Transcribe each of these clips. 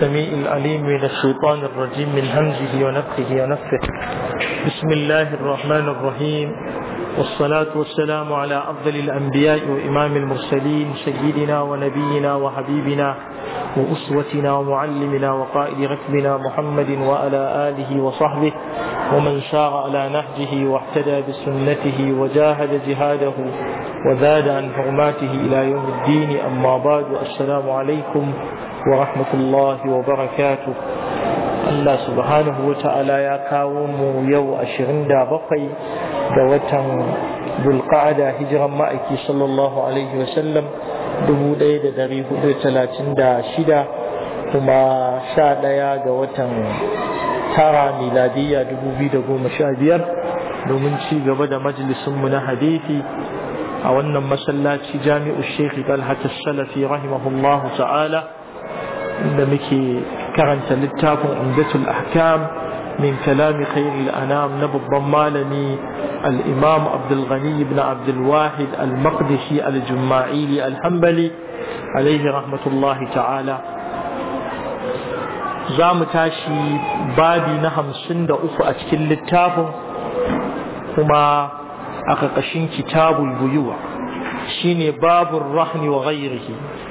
السميع العليم من الشيطان الرجيم من همزه ونفخه ونفخه بسم الله الرحمن الرحيم والصلاة والسلام على أفضل الأنبياء وإمام المرسلين سيدنا ونبينا وحبيبنا وأسوتنا ومعلمنا وقائد ركبنا محمد وعلى آله وصحبه ومن سار على نهجه واحتدى بسنته وجاهد جهاده وزاد عن حرماته إلى يوم الدين أما بعد السلام عليكم Wa ورحمة wa barakatu. Allah subhanahu wa ta'ala ya kawo mu yau ashirin da bakwai da watan Zulqa'ada hijiran ma'aiki sallallahu alaihi wasallam dubu ɗaya da dari hudu talatin da shida kuma sha ɗaya ga watan tara miladiyya dubu biyu da goma sha biyar domin ci gaba da majalisunmu na hadithi a wannan masallaci jami'u shekhi talhat salafi rahimahullahu ta'ala da muke karanta littafin umdatul ahkam min kalami khairil anam na babban malami al-imam abdul ghani ibn abdul wahid al-maqdishi al-jumma'ili al-hanbali alaihi rahmatullahi ta'ala za mu tashi babi na hamsin da uku a cikin littafin kuma a ƙarƙashin kitabul buyuwa shine babun rahni wa ghairihi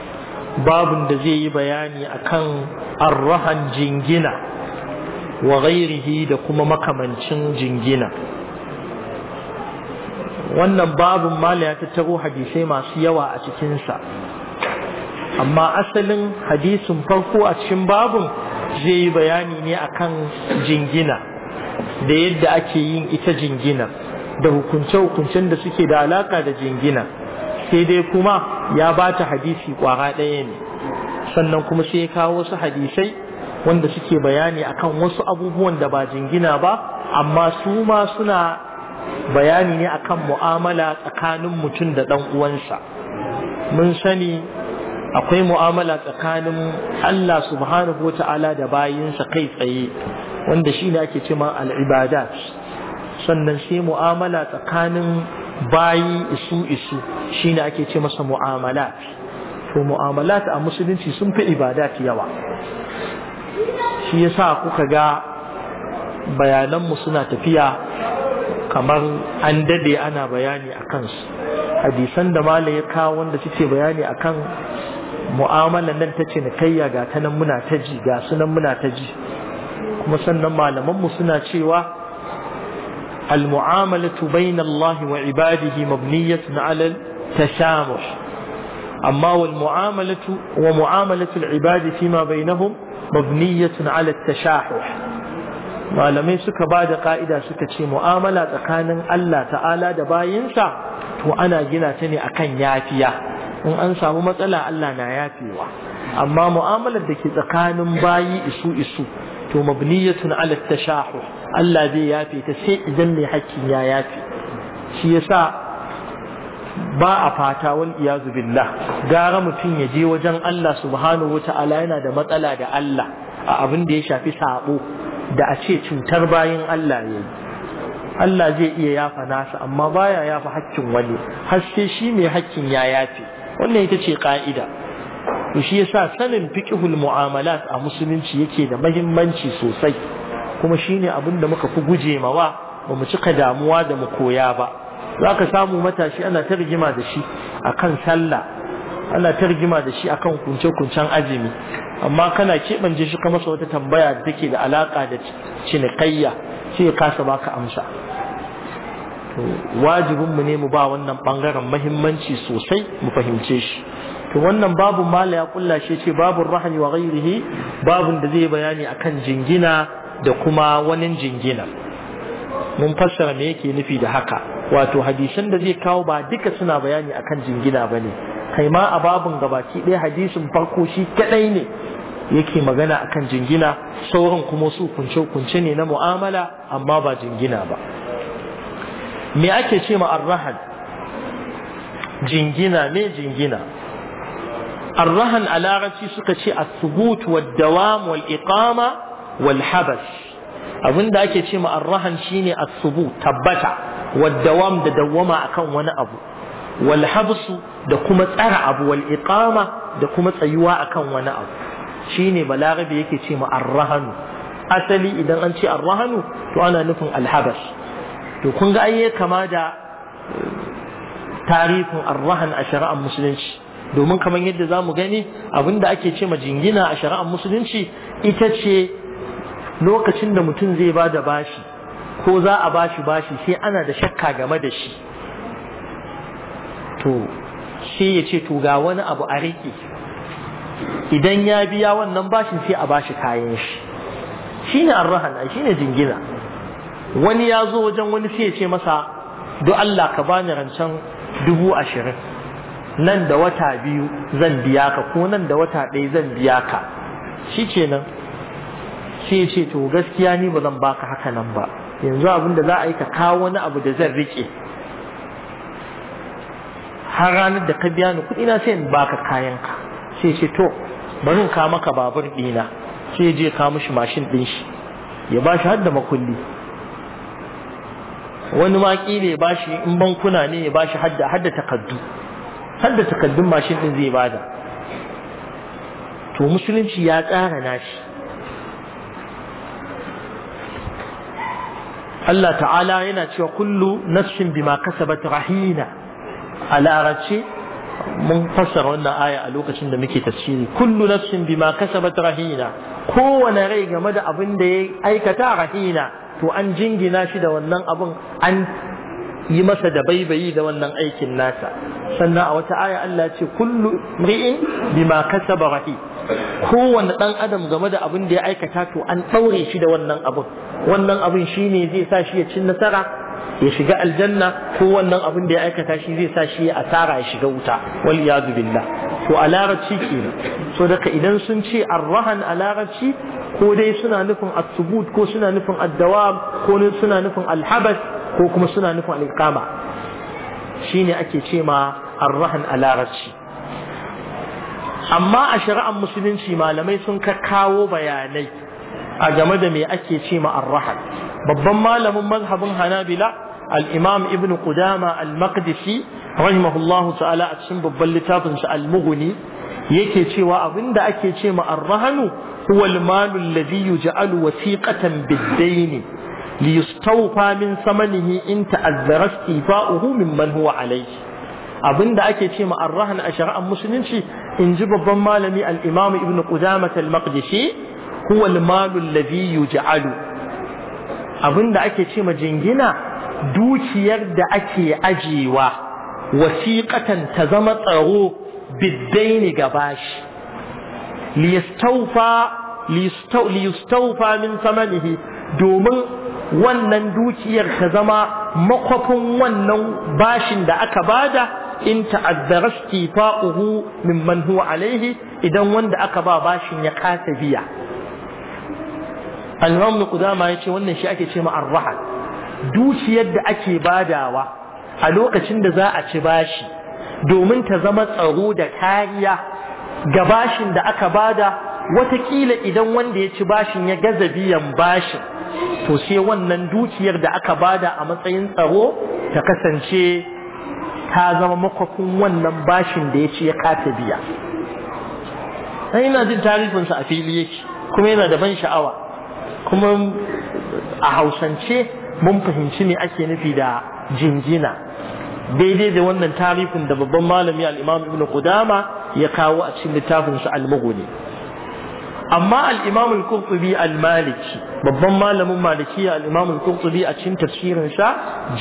babin da zai yi bayani akan arrahan jingina wa ghairihi da kuma makamancin jingina wannan babin mala ya tattaro hadisai masu yawa a cikinsa amma asalin hadisin farko a cikin babin zai yi bayani ne akan jingina da yadda ake yin ita jingina da hukunce-hukuncen da suke da alaka da jingina sai dai kuma ya ba ta hadisi ƙwara ɗaya ne sannan kuma sai ya kawo wasu hadisai wanda suke bayani akan wasu abubuwan da ba jingina ba amma su ma suna bayani ne akan mu'amala tsakanin mutum da ɗan uwansa mun sani akwai mu'amala tsakanin Allah subhanahu wa ta'ala da bayinsa kai tsaye wanda shi ne ake cema al'ibadat sannan sai mu'amala tsakanin bayi isu isu shine ake ce masa mu'amala, to mu'amalat a musulunci sun fi ibadat yawa shi yasa kuka ga bayananmu suna tafiya kamar an dade ana bayani a kansu hadisan da malai ya kawo wanda suke bayani akan mu'amala mu'amalan nan ta kayya ga ta nan muna ta ji ga su nan muna ta ji kuma sannan malaman mu suna cewa المعاملة بين الله وعباده مبنية على التسامح أما والمعاملة ومعاملة العباد فيما بينهم مبنية على التشاحح ما لم يسك بعد قائدة سكتشي مؤاملة كان الله تعالى دبا ينسى وأنا جنا تني أكن ياتيا إن أنسى ومسألة الله نياتيا أما مؤاملة دكي تكان باي إسو إسو تو مبنية على التشاحح Allah zai yafe ta sai idan mai hakkin ya yafe shi yasa ba a fata wal iyazu billah gara mutum ya je wajen Allah subhanahu wata'ala yana da matsala da Allah a abin da ya shafi sabo da a ce cutar bayan Allah ya yi Allah zai iya yafa nasa amma baya yafa hakkin wani har sai shi mai hakkin ya yafe wannan ita ce ƙa'ida to shi yasa sanin fiqhul mu'amalat a musulunci yake da muhimmanci sosai kuma shine abin da muka fi guje mawa ba mu cika damuwa da mu koya ba za ka samu matashi ana ta rigima da shi akan sallah ana ta rigima da shi akan kunce-kuncen azumi amma kana keɓance shi ka masa wata tambaya da take da alaƙa da cinikayya sai ya kasa ba ka amsa to wajibinmu ne mu ba wannan ɓangaren mahimmanci sosai mu fahimce shi to wannan babun mala ya kulla shi ce babun rahani wa ghairihi babun da zai bayani akan jingina da kuma wani jingina mun fassara me yake nufi da haka wato hadisan da zai kawo ba duka suna bayani akan jingina bane kai ma a babun gabaki ɗaya hadisin farko shi kadai ne yake magana akan jingina sauran kuma su kunce kunce ne na mu'amala amma ba jingina ba me ake ce ma arrahan jingina me jingina arrahan a larabci suka ce as-subut wad-dawam wal-iqama wal habas abin da ake ce ma arrahan shine asubu tabbata wad dawam da dawama akan wani abu wal da kuma tsara abu wal iqama da kuma tsayuwa akan wani abu shine Balarabe yake ce ma arrahanu asali idan an ce arrahanu to ana nufin alhabas to kun ga ai kama da eh, tarihin arrahan a shari'ar musulunci domin kamar yadda za mu gani abinda ake ce ma jingina a shari'ar musulunci ita ce lokacin da mutum zai ba da bashi ko za a bashi bashi sai ana da shakka game da shi to sai ya ce to ga wani abu a riƙe idan ya biya wannan bashin sai a bashi kayan shi shi ne shine shi ne jingina wani ya zo wajen wani sai ya ce masa do Allah ka bani rancen dubu ashirin nan da wata biyu zan biya ka ko nan da wata ɗaya zan biya ka shi ce kenan sai ce to gaskiya ni ba zan baka haka nan ba yanzu abin da za a yi ka kawo wani abu da zan rike har ranar da ka biya ni kuɗi na sai in baka ka sai ce to bari in ka maka babur ɗina sai je ka mishi mashin ɗin shi ya bashi har da makulli wani ma ne ya bashi in bankuna ne ya bashi hadda hadda takaddu hadda takaddun mashin ɗin zai bada to musulunci ya tsara nashi Allah ta'ala yana cewa kullu nafsin bima kasabat rahina a larace mun fassara wannan aya a lokacin da muke tafsiri kullu nafsin bima kasabat rahina kowane rai game da abin da ya aikata rahina to an jingina shi da wannan abin an yi masa da baibayi da wannan aikin nasa sannan a wata aya Allah ce kullu ri'in bima kasaba rahin kowanne ɗan adam game da abin da ya aikata to an ɗaure shi da wannan abin wannan abin ne zai sa shi ya cin nasara ya shiga aljanna ko wannan abin da ya aikata shi zai sa shi ya asara ya shiga wuta wal iyadu billah to a larabci kenan so daga idan sun ce arrahan a larabci ko dai suna nufin at-subut ko suna nufin ad ko suna nufin al ko kuma suna nufin al-iqama shine ake ce ma arrahan a larabci amma a shari'ar musulunci malamai sun ka kawo bayanai a game da me ake ce ma arrahal babban malamin mazhabin hanabila al-imam ibn qudama al-maqdisi rahimahullahu ta'ala a cikin babban littafin sa al-mughni yake cewa abinda ake ce ma arrahanu huwa al-malu alladhi yuj'alu wasiqatan bid-dayn li yustawfa min samanihi in ta'azzara istifa'uhu mimman huwa alayhi abinda ake ce ma arrahan a shari'ar musulunci إن جبب مالمي الإمام ابن قدامة المقدسي هو المال الذي يجعل أظن ذلك شيء مجنجنا دوشي يرد أكي أجيوا وثيقة تزمت أغو بالدين قباش ليستوفى ليستو ليستوفى من ثمنه دوم ونن دوشي يرد تزمى مقف ونن باش دعك بعده in ta'azzara istifa'uhu mimman huwa alaihi idan wanda aka ba bashin ya kasa biya al-imam ibn ce yace wannan shi ake ce ma arraha dukiyar da ake badawa a lokacin da za a ci bashi domin ta zama tsaro da kariya ga bashin da aka bada watakila idan wanda ya ci bashin ya gaza biyan bashin to sai wannan dukiyar da aka bada a matsayin tsaro ta kasance ta zama makwafin wannan bashin da ya ce ya kasa biya sai ina jin tarifinsa a fili yake kuma yana da ban sha'awa kuma a hausance mun fahimci ne ake nufi da jingina daidai da wannan tarifin da babban malami al-imam ibn qudama ya kawo a cikin littafin sa al-mughni amma al-imam al-qurtubi al-maliki babban malamin maliki al-imam al-qurtubi a cikin tafsirin sa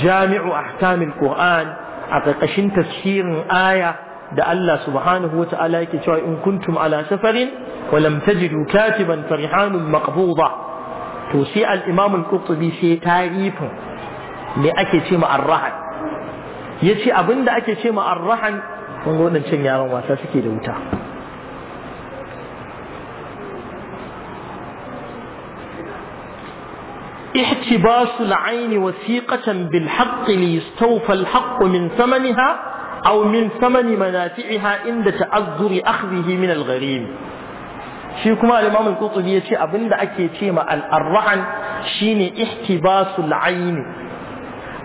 jami'u ahkam al-qur'an a ƙarƙashin tafsirin aya da Allah subhanahu wata'ala yake cewa in kuntum ala safarin wa lam tajidu katiban farihanun maqbuda to sai al-imam al-qurtubi sai tarifin me ake ce ma arrahan yace abinda ake ce ma arrahan kun ga wannan yaran wasa suke da wuta التباس العين وثيقة بالحق ليستوفى الحق من ثمنها أو من ثمن منافعها عند تعذر أخذه من الغريم shi kuma al-Imam al-Qurtubi yace abinda ake ce ma al-arra'an shine ihtibasul ayn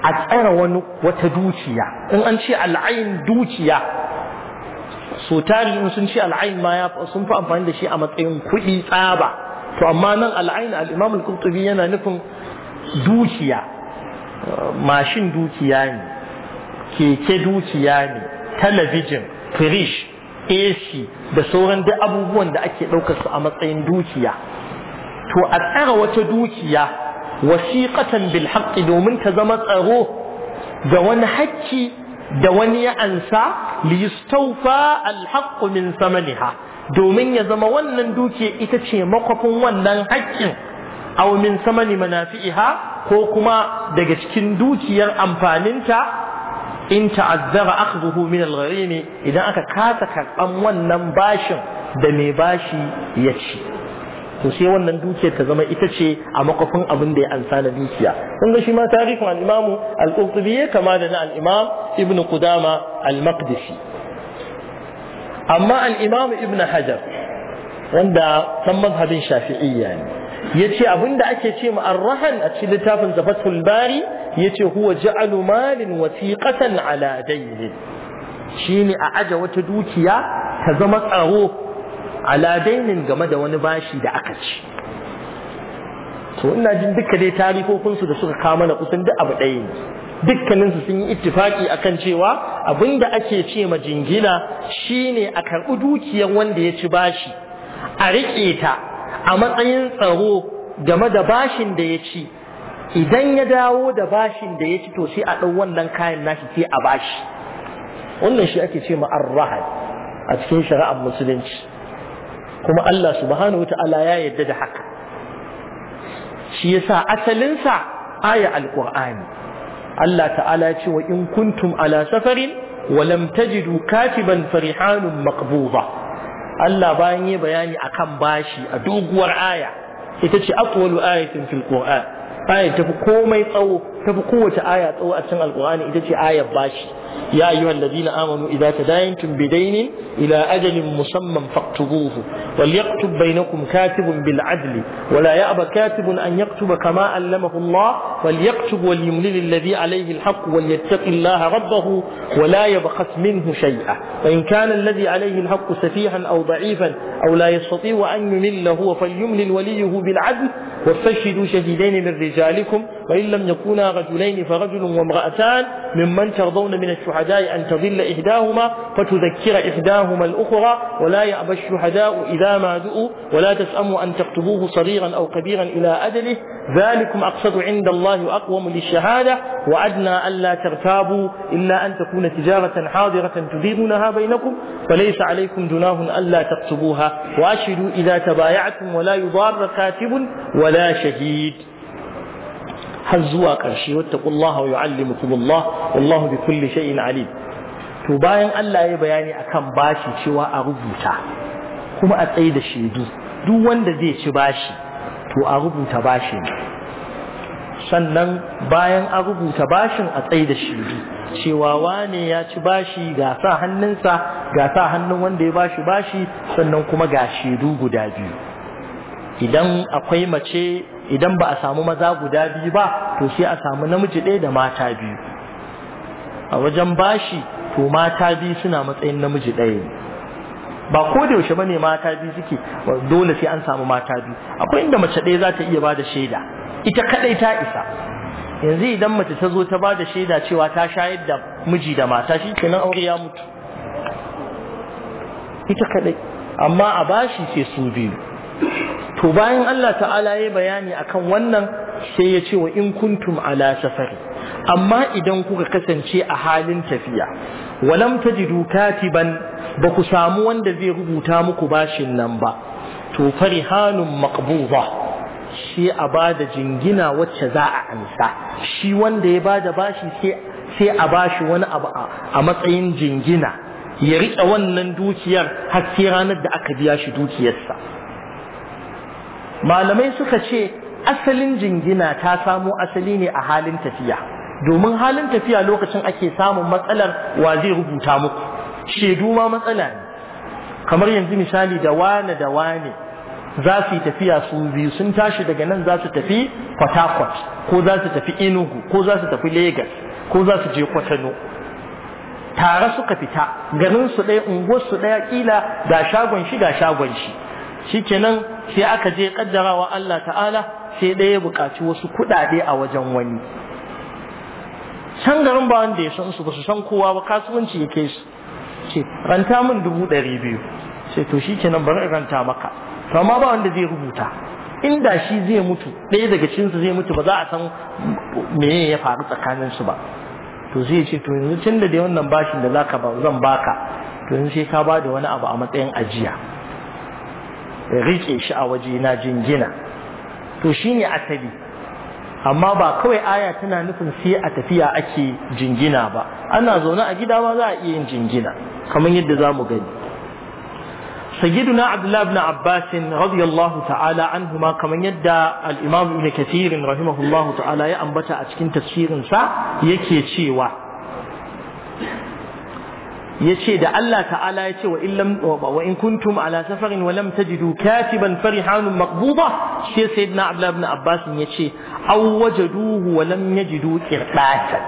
a tsara wani wata dukiya in an ce al-ayn dukiya so tarihin sun ce al-ayn ma ya sun fi amfani da shi a matsayin kuɗi tsaba to amma nan al-ayn al-Imam al-Qurtubi yana nufin dukiya mashin dukiya ne keke dukiya ne talabijin firish ac da sauran duk abubuwan da ake ɗaukar su a matsayin dukiya to a tsara wata dukiya wasiƙatan bilhaƙi domin ta zama tsaro ga wani hakki da wani ya ansa li alhaƙumin samaniha domin ya zama wannan dukiya ita ce makwafin wannan haƙƙin aw min samani manafi'iha ko kuma daga cikin dukiyar amfaninta in ta'azzara akhdhuhu min al-gharim idan aka kasa karban wannan bashin da mai bashi ya ci to sai wannan dukiyar ta zama ita ce a makofin abin da ya ansa na dukiya kun ga shi ma tarihin al-imamu al-qurtubi kama da na al-imam ibn qudama al-maqdisi amma al-imam ibn hajar wanda san mazhabin shafi'iyya ne Ya ce abinda ake ce ma arrahan a cikin littafin zafatul bari yace huwa ja'alu malin wasiqatan ala dayni shine a aje wata dukiya ta zama tsaro ala dainin game da wani bashi da aka ci to ina jin dukkan dai tarihokin su da suka kawo mana kusan duk abu ɗaya ne dukkanin su sun yi ittifaki akan cewa abinda ake ce ma jingina shine a karɓi dukiyar wanda ya ci bashi a riƙe ta a matsayin tsaro game da bashin da ya ci idan ya dawo da bashin da ya ci to sai a ɗau wannan kayan nashi sai a bashi wannan shi ake ce ma'arrahal a cikin shari'ar musulunci kuma Allah subhanahu ta'ala ya yarda da haka shi yasa asalinsa aya alqur'ani Allah ta'ala ya ce wa in kuntum ala safarin wa lam tajidu katiban farihanun maqbuda Allah bayan yi bayani akan bashi a doguwar aya ita ce aqwalu ayatin fil qur'an aya tafi komai tsawo tafi kowace aya tsawo a cikin alqur'ani ita ce ayar bashi ya ayyuhal ladina amanu idza tadayantum bidaynin ila ajalin musamman faktubuhu وليكتب بينكم كاتب بالعدل ولا يأبى كاتب أن يكتب كما ألمه الله وليكتب وليملل الذي عليه الحق وليتق الله ربه ولا يبخس منه شيئا وإن كان الذي عليه الحق سفيها أو ضعيفا أو لا يستطيع أن يمل فليملل وليه بالعدل واستشهدوا شهيدين من رجالكم وإن لم يكونا رجلين فرجل وامرأتان ممن ترضون من الشهداء أن تضل إحداهما فتذكر إحداهما الأخرى ولا يأبى الشهداء إذا ما دؤوا ولا تسأموا أن تكتبوه صغيرا أو كبيرا إلى أجله ذلكم أقصد عند الله وأقوم للشهادة وأدنى ألا ترتابوا إلا أن تكون تجارة حاضرة تديرونها بينكم فليس عليكم جناه ألا تكتبوها وأشهدوا إذا تبايعتم ولا يضار كاتب ولا شهيد هزوا قرشي واتقوا الله ويعلمكم الله والله بكل شيء عليم to ألا Allah ya bayani akan bashi cewa a rubuta kuma a tsaye da shaidu duk wanda zai ci bashi to a rubuta bashi sannan bayan a rubuta bashin a tsaye da shi cewa wane ya ci bashi ga sa hannunsa ga sa hannun wanda ya bashi bashi sannan kuma ga shaidu guda biyu idan akwai mace idan ba a samu maza guda biyu ba to sai a samu namiji ɗaya da mata biyu a wajen bashi to mata biyu suna matsayin namiji ɗaya ne ba ko da yaushe bane mata biyu suke dole sai an samu mata biyu akwai inda mace ɗaya za ta iya bada shaida ita kadai ta isa yanzu idan mace ta zo ta bada shaida cewa ta shayar da miji da mata shi kenan aure ya mutu ita kadai amma a bashi sai su biyu to bayan Allah ta'ala ya bayani akan wannan sai ya ce wa in kuntum ala safari amma idan kuka kasance a halin tafiya walam tajidu katiban ba ku samu wanda zai rubuta muku bashin nan ba to farihanun maqbuba shi a bada jingina wacce za a amsa shi wanda ya bada bashi sai sai a bashi wani abu a matsayin jingina ya riƙe wannan dukiyar har sai ranar da aka biya shi dukiyarsa malamai suka ce asalin jingina ta samo asali ne a halin tafiya domin halin tafiya lokacin ake samun matsalar wa zai rubuta muku shaidu ma matsala ne kamar yanzu misali da wane da wane za su yi tafiya su biyu sun tashi daga nan za su tafi port harcourt ko za su tafi enugu ko za su tafi lagos ko za su je kwatano tare suka fita garin su ɗaya unguwar su ɗaya kila ga shagon shi ga shagon shi shikenan sai aka je kaddarawa Allah ta'ala sai ɗaya bukaci wasu kuɗaɗe a wajen wani can garin ba wanda ya san su ba su san kowa ba kasuwanci ya kai su ce ranta min dubu ɗari biyu ce to shi ke nan bari ranta maka to amma ba wanda zai rubuta inda shi zai mutu ɗaya daga cinsu zai mutu ba za a san me ya faru tsakanin su ba to zai ce to yanzu tun da wannan bashin da zaka ba zan baka to yanzu sai ka ba da wani abu a matsayin ajiya rike shi a waje na jingina to shi shine asali amma ba kawai aya tana nufin sai a tafiya ake jingina ba ana zaune a gida ma za a iya yin jingina kamar yadda za mu gani سيدنا عبد الله بن عباس رضي الله تعالى عنهما كما يدى الإمام ابن كثير رحمه الله تعالى يأنبت أتكين تفسير سا يكي yace da Allah ta'ala yace wa illam wa in kuntum ala safarin wa lam tajidu katiban farihanun maqbuda shi sayyidina Abdullah ibn Abbas yace aw wajaduhu wa lam yajidu qirdata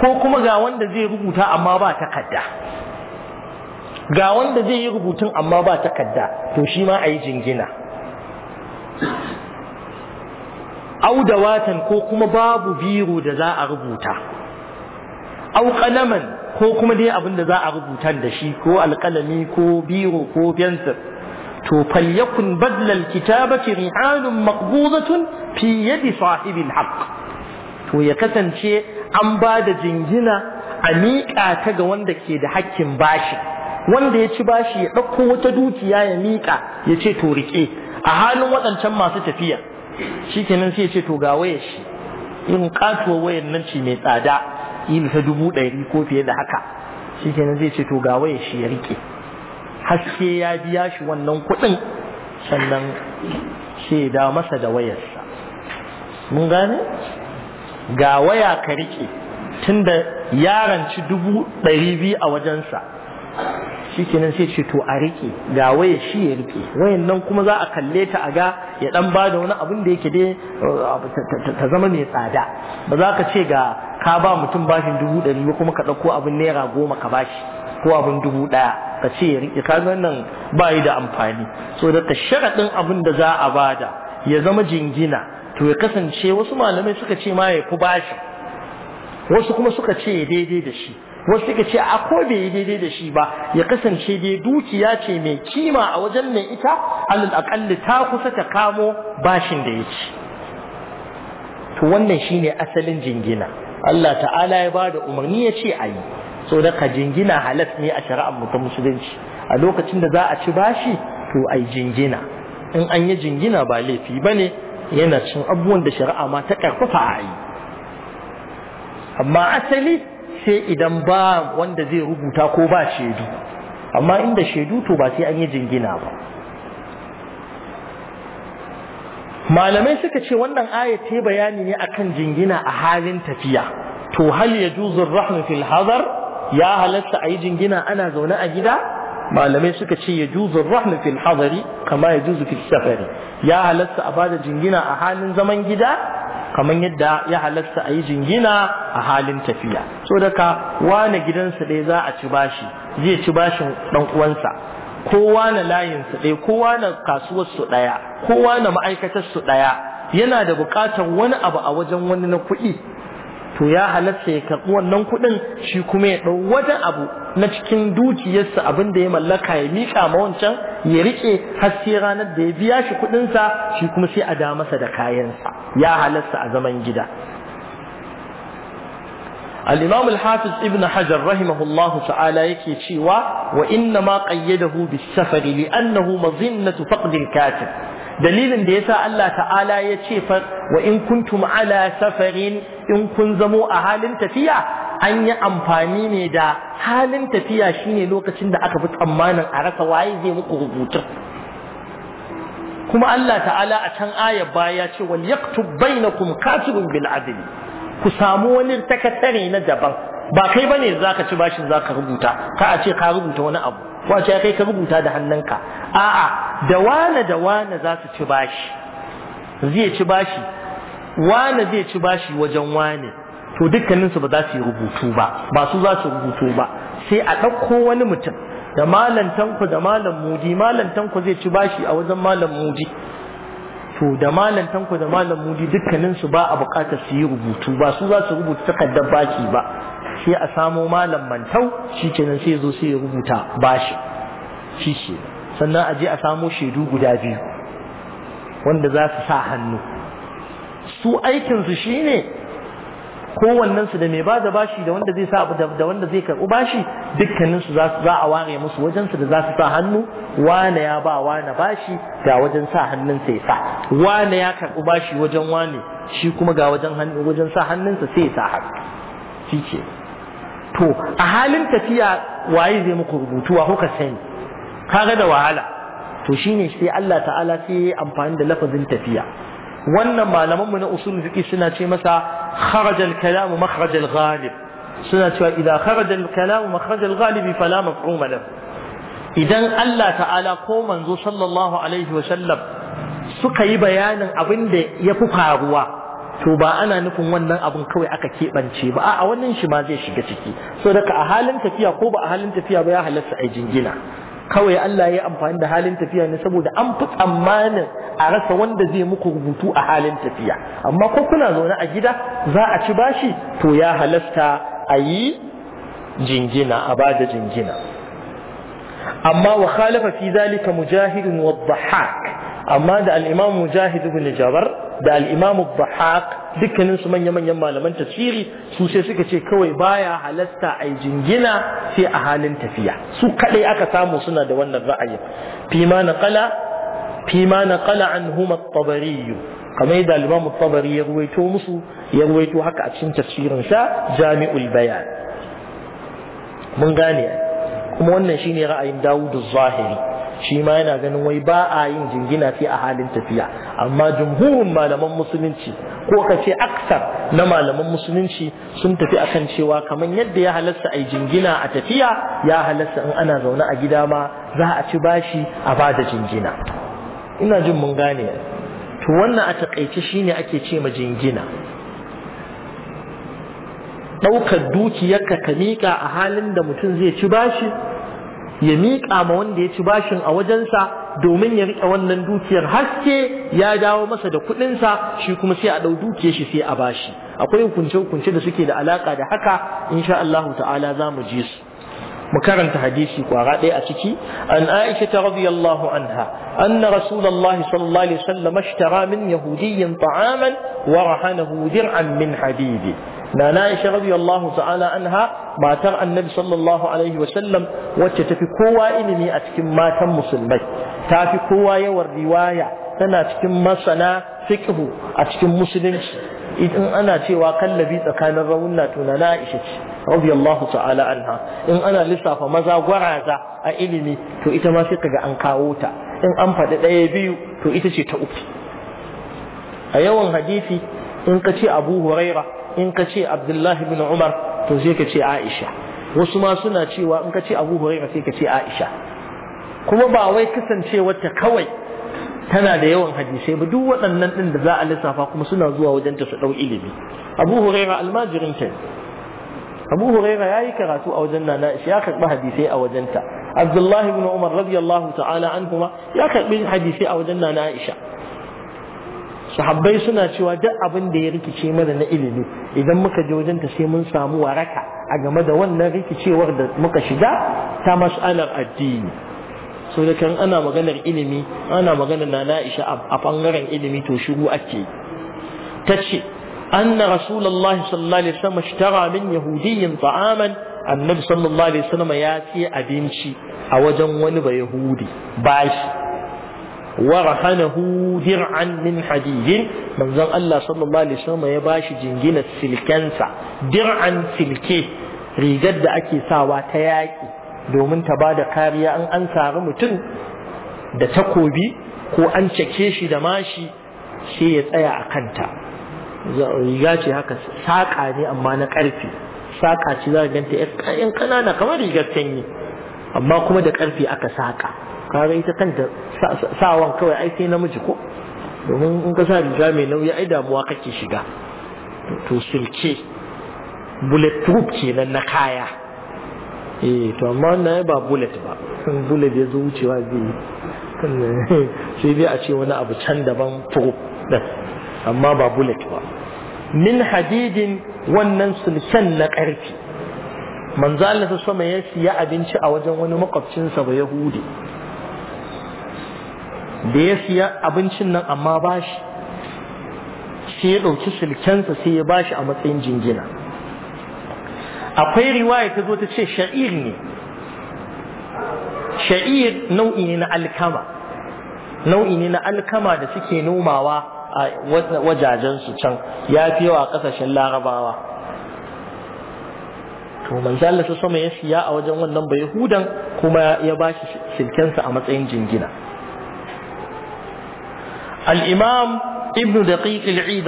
ko kuma ga wanda zai rubuta amma ba takadda ga wanda zai yi rubutun amma ba takadda to shi ma ayi jingina au dawatan ko kuma babu biro da za a rubuta au qalaman ko kuma dai abin da za a rubuta da shi ko alƙalami ko biro ko fensir to falyakun badlal kitabati ri'anun maqbudatun fi yadi sahibil haqq to ya kasance an ba da jingina a miƙa ta ga wanda ke da hakkin bashi wanda ya ci bashi ya ɗauko wata dukiya ya miƙa ya ce to riƙe a halin waɗancan masu tafiya shikenan sai ya ce to ga wayar shi irin katuwar wayar nan ce mai tsada ƙila ta dubu ɗari ko fiye da haka shi kenan zai ce to ga waya shi ya rike haske ya biya shi wannan kuɗin sannan sai da masa da wayarsa mun gane ga waya ka rike tunda yaranci dubu ɗari biyu a wajensa shi kenan sai ce to a rike ga waya shi ya rike wayan nan kuma za a kalle ta a ga ya dan bada wani abin da yake dai ta zama mai tsada ba za ka ce ga ka ba mutum bashin dubu ɗari ba kuma ka ɗauko abin naira goma ka bashi ko abin dubu ɗaya ka ce ya rike ka nan ba yi da amfani so da ka sharaɗin abin da za a bada ya zama jingina to ya kasance wasu malamai suka ce ma ya fi bashi wasu kuma suka ce ya daidai da shi wasu suka ce a ko bai yi daidai da shi ba ya kasance dai dukiya ce mai kima a wajen mai ita alal aqalli ta kusa ta kamo bashin da ya ci to wannan shine asalin jingina Allah ta'ala ya bada umarni ya ce ayi yi so da ka jingina halas ne a shari'ar mu musulunci a lokacin da za a ci bashi to ai jingina in an yi jingina ba laifi bane yana cin abubuwan da shari'a ma ta karfafa a yi amma asali sai idan ba wanda zai rubuta ko ba shaidu amma inda shaidu to ba sai an yi jingina ba malamai suka ce wannan aya bayani ne akan jingina a halin tafiya to hal yajuzu rahmu fil hadar ya halatta ayi jingina ana zaune a gida malamai suka ce yajuzu rahmu fil hadari kama yajuzu fil safari ya halatta a bada jingina a halin zaman gida kamar yadda ya halatta a yi jingina a halin tafiya so daga wane gidansa ɗaya za a ci bashi zai ci bashin ɗan uwansa kowa na layinsa ɗaya kowa na kasuwarsu ɗaya kowa na ma'aikatarsu ɗaya yana da buƙatar wani abu a wajen wani na kuɗi to ya halatta ya karɓi wannan kudin shi kuma ya dau wajen abu na cikin dukiyarsa abin da ya mallaka ya mika ma wancan ya rike har sai ranar da ya biya shi kudin sa shi kuma sai a da masa da kayan sa ya halatta a zaman gida الإمام الحافظ ابن حجر رحمه الله تعالى يكي شيوا وإنما قيده بالسفر لأنه مظنة فقد الكاتب dalilin da ya sa Allah ta'ala ya ce fa wa in kuntum ala safarin in kun zamo a halin tafiya an yi amfani ne da halin tafiya shine lokacin da aka fi tsammanin a rasa waye zai muku rubutu kuma Allah ta'ala a can ayar baya ce wal yaktub bainakum katibun bil adl ku samu wani takatare na daban ba kai bane zaka ci bashin zaka rubuta ka a ce ka rubuta wani abu ko a ce kai ka rubuta da hannunka a'a da wane da wane za su ci bashi zai ci bashi wane zai ci bashi wajen wane to dukkaninsu ba za su yi rubutu ba ba su za su rubutu ba sai a ɗauko wani mutum da malam da malam mudi malam zai ci bashi a wajen malam mudi to da malam tanko da malam mudi dukkanin su ba a bukatar su yi rubutu ba su za su rubuta takardar baki ba sai a samo malam mantau shi kenan sai zo sai ya rubuta bashi shi shi sannan a je a samo shaidu guda biyu wanda za su sa hannu su aikinsu shine kowannen su da mai bada bashi da wanda zai sa da wanda zai karɓi bashi dukkanin su za a ware musu wajen su da za su sa hannu wane ya ba wane bashi ga wajen sa hannun sai sa wane ya karɓi bashi wajen wane shi kuma ga wajen hannu wajen sa hannunsa sai sa hannu shi to a halin tafiya waye zai muku rubutu wa kuka sani kaga da wahala to shine sai Allah ta'ala sai amfani da lafazin tafiya wannan malaman mu na usul fiqi suna ce masa kharajal kalam makhrajal ghalib suna cewa idan kharajal kalam makhrajal ghalib fala mafhuma lahu idan Allah ta'ala ko manzo sallallahu alaihi wa sallam suka yi bayanin abin da yafi faruwa to ba ana nufin wannan abin kawai aka kebance ba a'a wannan shi ma zai shiga ciki so daga a halin tafiya ko ba a halin tafiya ba ya halarta ai jingina kawai Allah ya amfani da halin tafiya ne saboda an fi tsammanin a rasa wanda zai muku rubutu a halin tafiya amma ko kuna zaune a gida za a ci bashi to ya halasta a yi jingina a bada jingina amma wa khalafa fi zalika mujahidun wa dhahak amma da alimam imam mujahid ibn jabar da al'imamu imam dhahak dukkanin su manya manyan malaman tafsiri su sai suka ce kawai baya halatta ai jingina sai a halin tafiya su kadai aka samu suna da wannan ra'ayin fi ma naqala fi ma naqala anhum at-tabari kamar tabari ya ruwaito musu ya ruwaito haka a cikin tafsirin sa jami'ul bayan mun gane kuma wannan shine ra'ayin Dawudu zahiri shi ma yana ganin wai ba a yin jingina sai a halin tafiya amma jumhurin malaman musulunci ko ka ce aksar na malaman musulunci sun tafi akan cewa kamar yadda ya halasta a jingina a tafiya ya halasta in ana zaune a gida ma za a ci bashi a ba da jingina ina jin mun gane to wannan a takaice shine ake ce ma jingina ɗaukar dukiyarka ka miƙa a halin da mutum zai ci bashi ya miƙa ma wanda ya ci bashin a wajensa domin ya riƙe wannan dukiyar haske ya dawo masa da kuɗinsa shi kuma sai a ɗau dukiyar shi sai a bashi akwai hukunce-hukunce da suke da alaƙa da haka insha Allahu ta'ala za mu je su mu karanta hadisi kwara ɗaya a ciki an aisha ta radiyallahu anha anna rasulullahi sallallahu alaihi wasallam ashtara min yahudiyyin ta'aman wa rahanahu dir'an min habibi نانا عائشة رضي الله تعالى عنها ما ترى النبي صلى الله عليه وسلم وتتفي قوى إلمي أتكم ما كان مسلمي تافي قوى والرواية أنا أتكم ما سنا فكه أتكم مسلم إذن أنا تي وقل بيت كان رونا تنانا عائشة رضي الله تعالى عنها إن أنا لسا فمزا ورازا أئلمي تو إتما فقه أن كاوتا إن أمفد أيبيو تو إتشي تأوتي أيوان حديثي إن كتي أبو هريرة in ka ce abdullahi bin umar to sai ka ce aisha wasu ma suna cewa in ka ce abu huraira sai ka ce aisha kuma ba wai kasancewar ta kawai tana da yawan hadisai ba duk waɗannan ɗin da za a lissafa kuma suna zuwa wajen ta su ɗau ilimi abu huraira almajirin ta abu huraira ya yi karatu a wajen nana ya karɓi hadisai a wajenta abdullahi bin umar radiyallahu ta'ala an kuma ya karɓi hadisai a wajen nana aisha sahabbai suna cewa duk abin da ya rikice mana na ilimi idan muka je wajen ta sai mun samu waraka a game da wannan rikicewar da muka shiga ta mas'alar addini so da kan ana maganar ilimi ana maganar na Aisha a bangaren ilimi to shigo ake tace anna rasulullahi sallallahu alaihi wasallam ishtara min yahudiyyin ta'aman annabi sallallahu alaihi wasallam ya ce abinci a wajen wani ba yahudi bashi ورهنه درعا من حديد من زن الله صلى الله عليه وسلم يباش جنجنة سلكنسا درعا سلكي rigar da ake sawa ta yaƙi domin ta ba da kariya an an sari mutum da takobi ko an cake shi da mashi sai ya tsaya a kanta riga ce haka saƙa ne amma na ƙarfi saƙa ce za a ganta ‘yan ƙanana kamar rigar sanyi amma kuma da ƙarfi aka saƙa kaga ita kanta sawan kawai ai sai namiji ko domin in ka sa riga mai nauyi ai damuwa kake shiga to silke bulletproof kenan na kaya eh to amma wannan ba bullet ba sun bullet ya zo wucewa zai sai dai a ce wani abu can daban proof amma ba bullet ba min hadidin wannan sulken na ƙarfi manzo Allah ta sama ya siya abinci a wajen wani makwabcinsa ba Yahudi da ya siya abincin nan amma ba shi sai ya ɗauki silkensa sai ya ba shi a matsayin jingina akwai riwaya ta zo ta ce sha'ir ne sha'ir nau'i ne na alkama nau'i ne na alkama da suke nomawa a wajajensu can ya fi yawa a ƙasashen larabawa to manzo Allah sama ya siya a wajen wannan bai hudan kuma ya bashi silkensa a matsayin jingina al-imam ibnu daqiq al-eid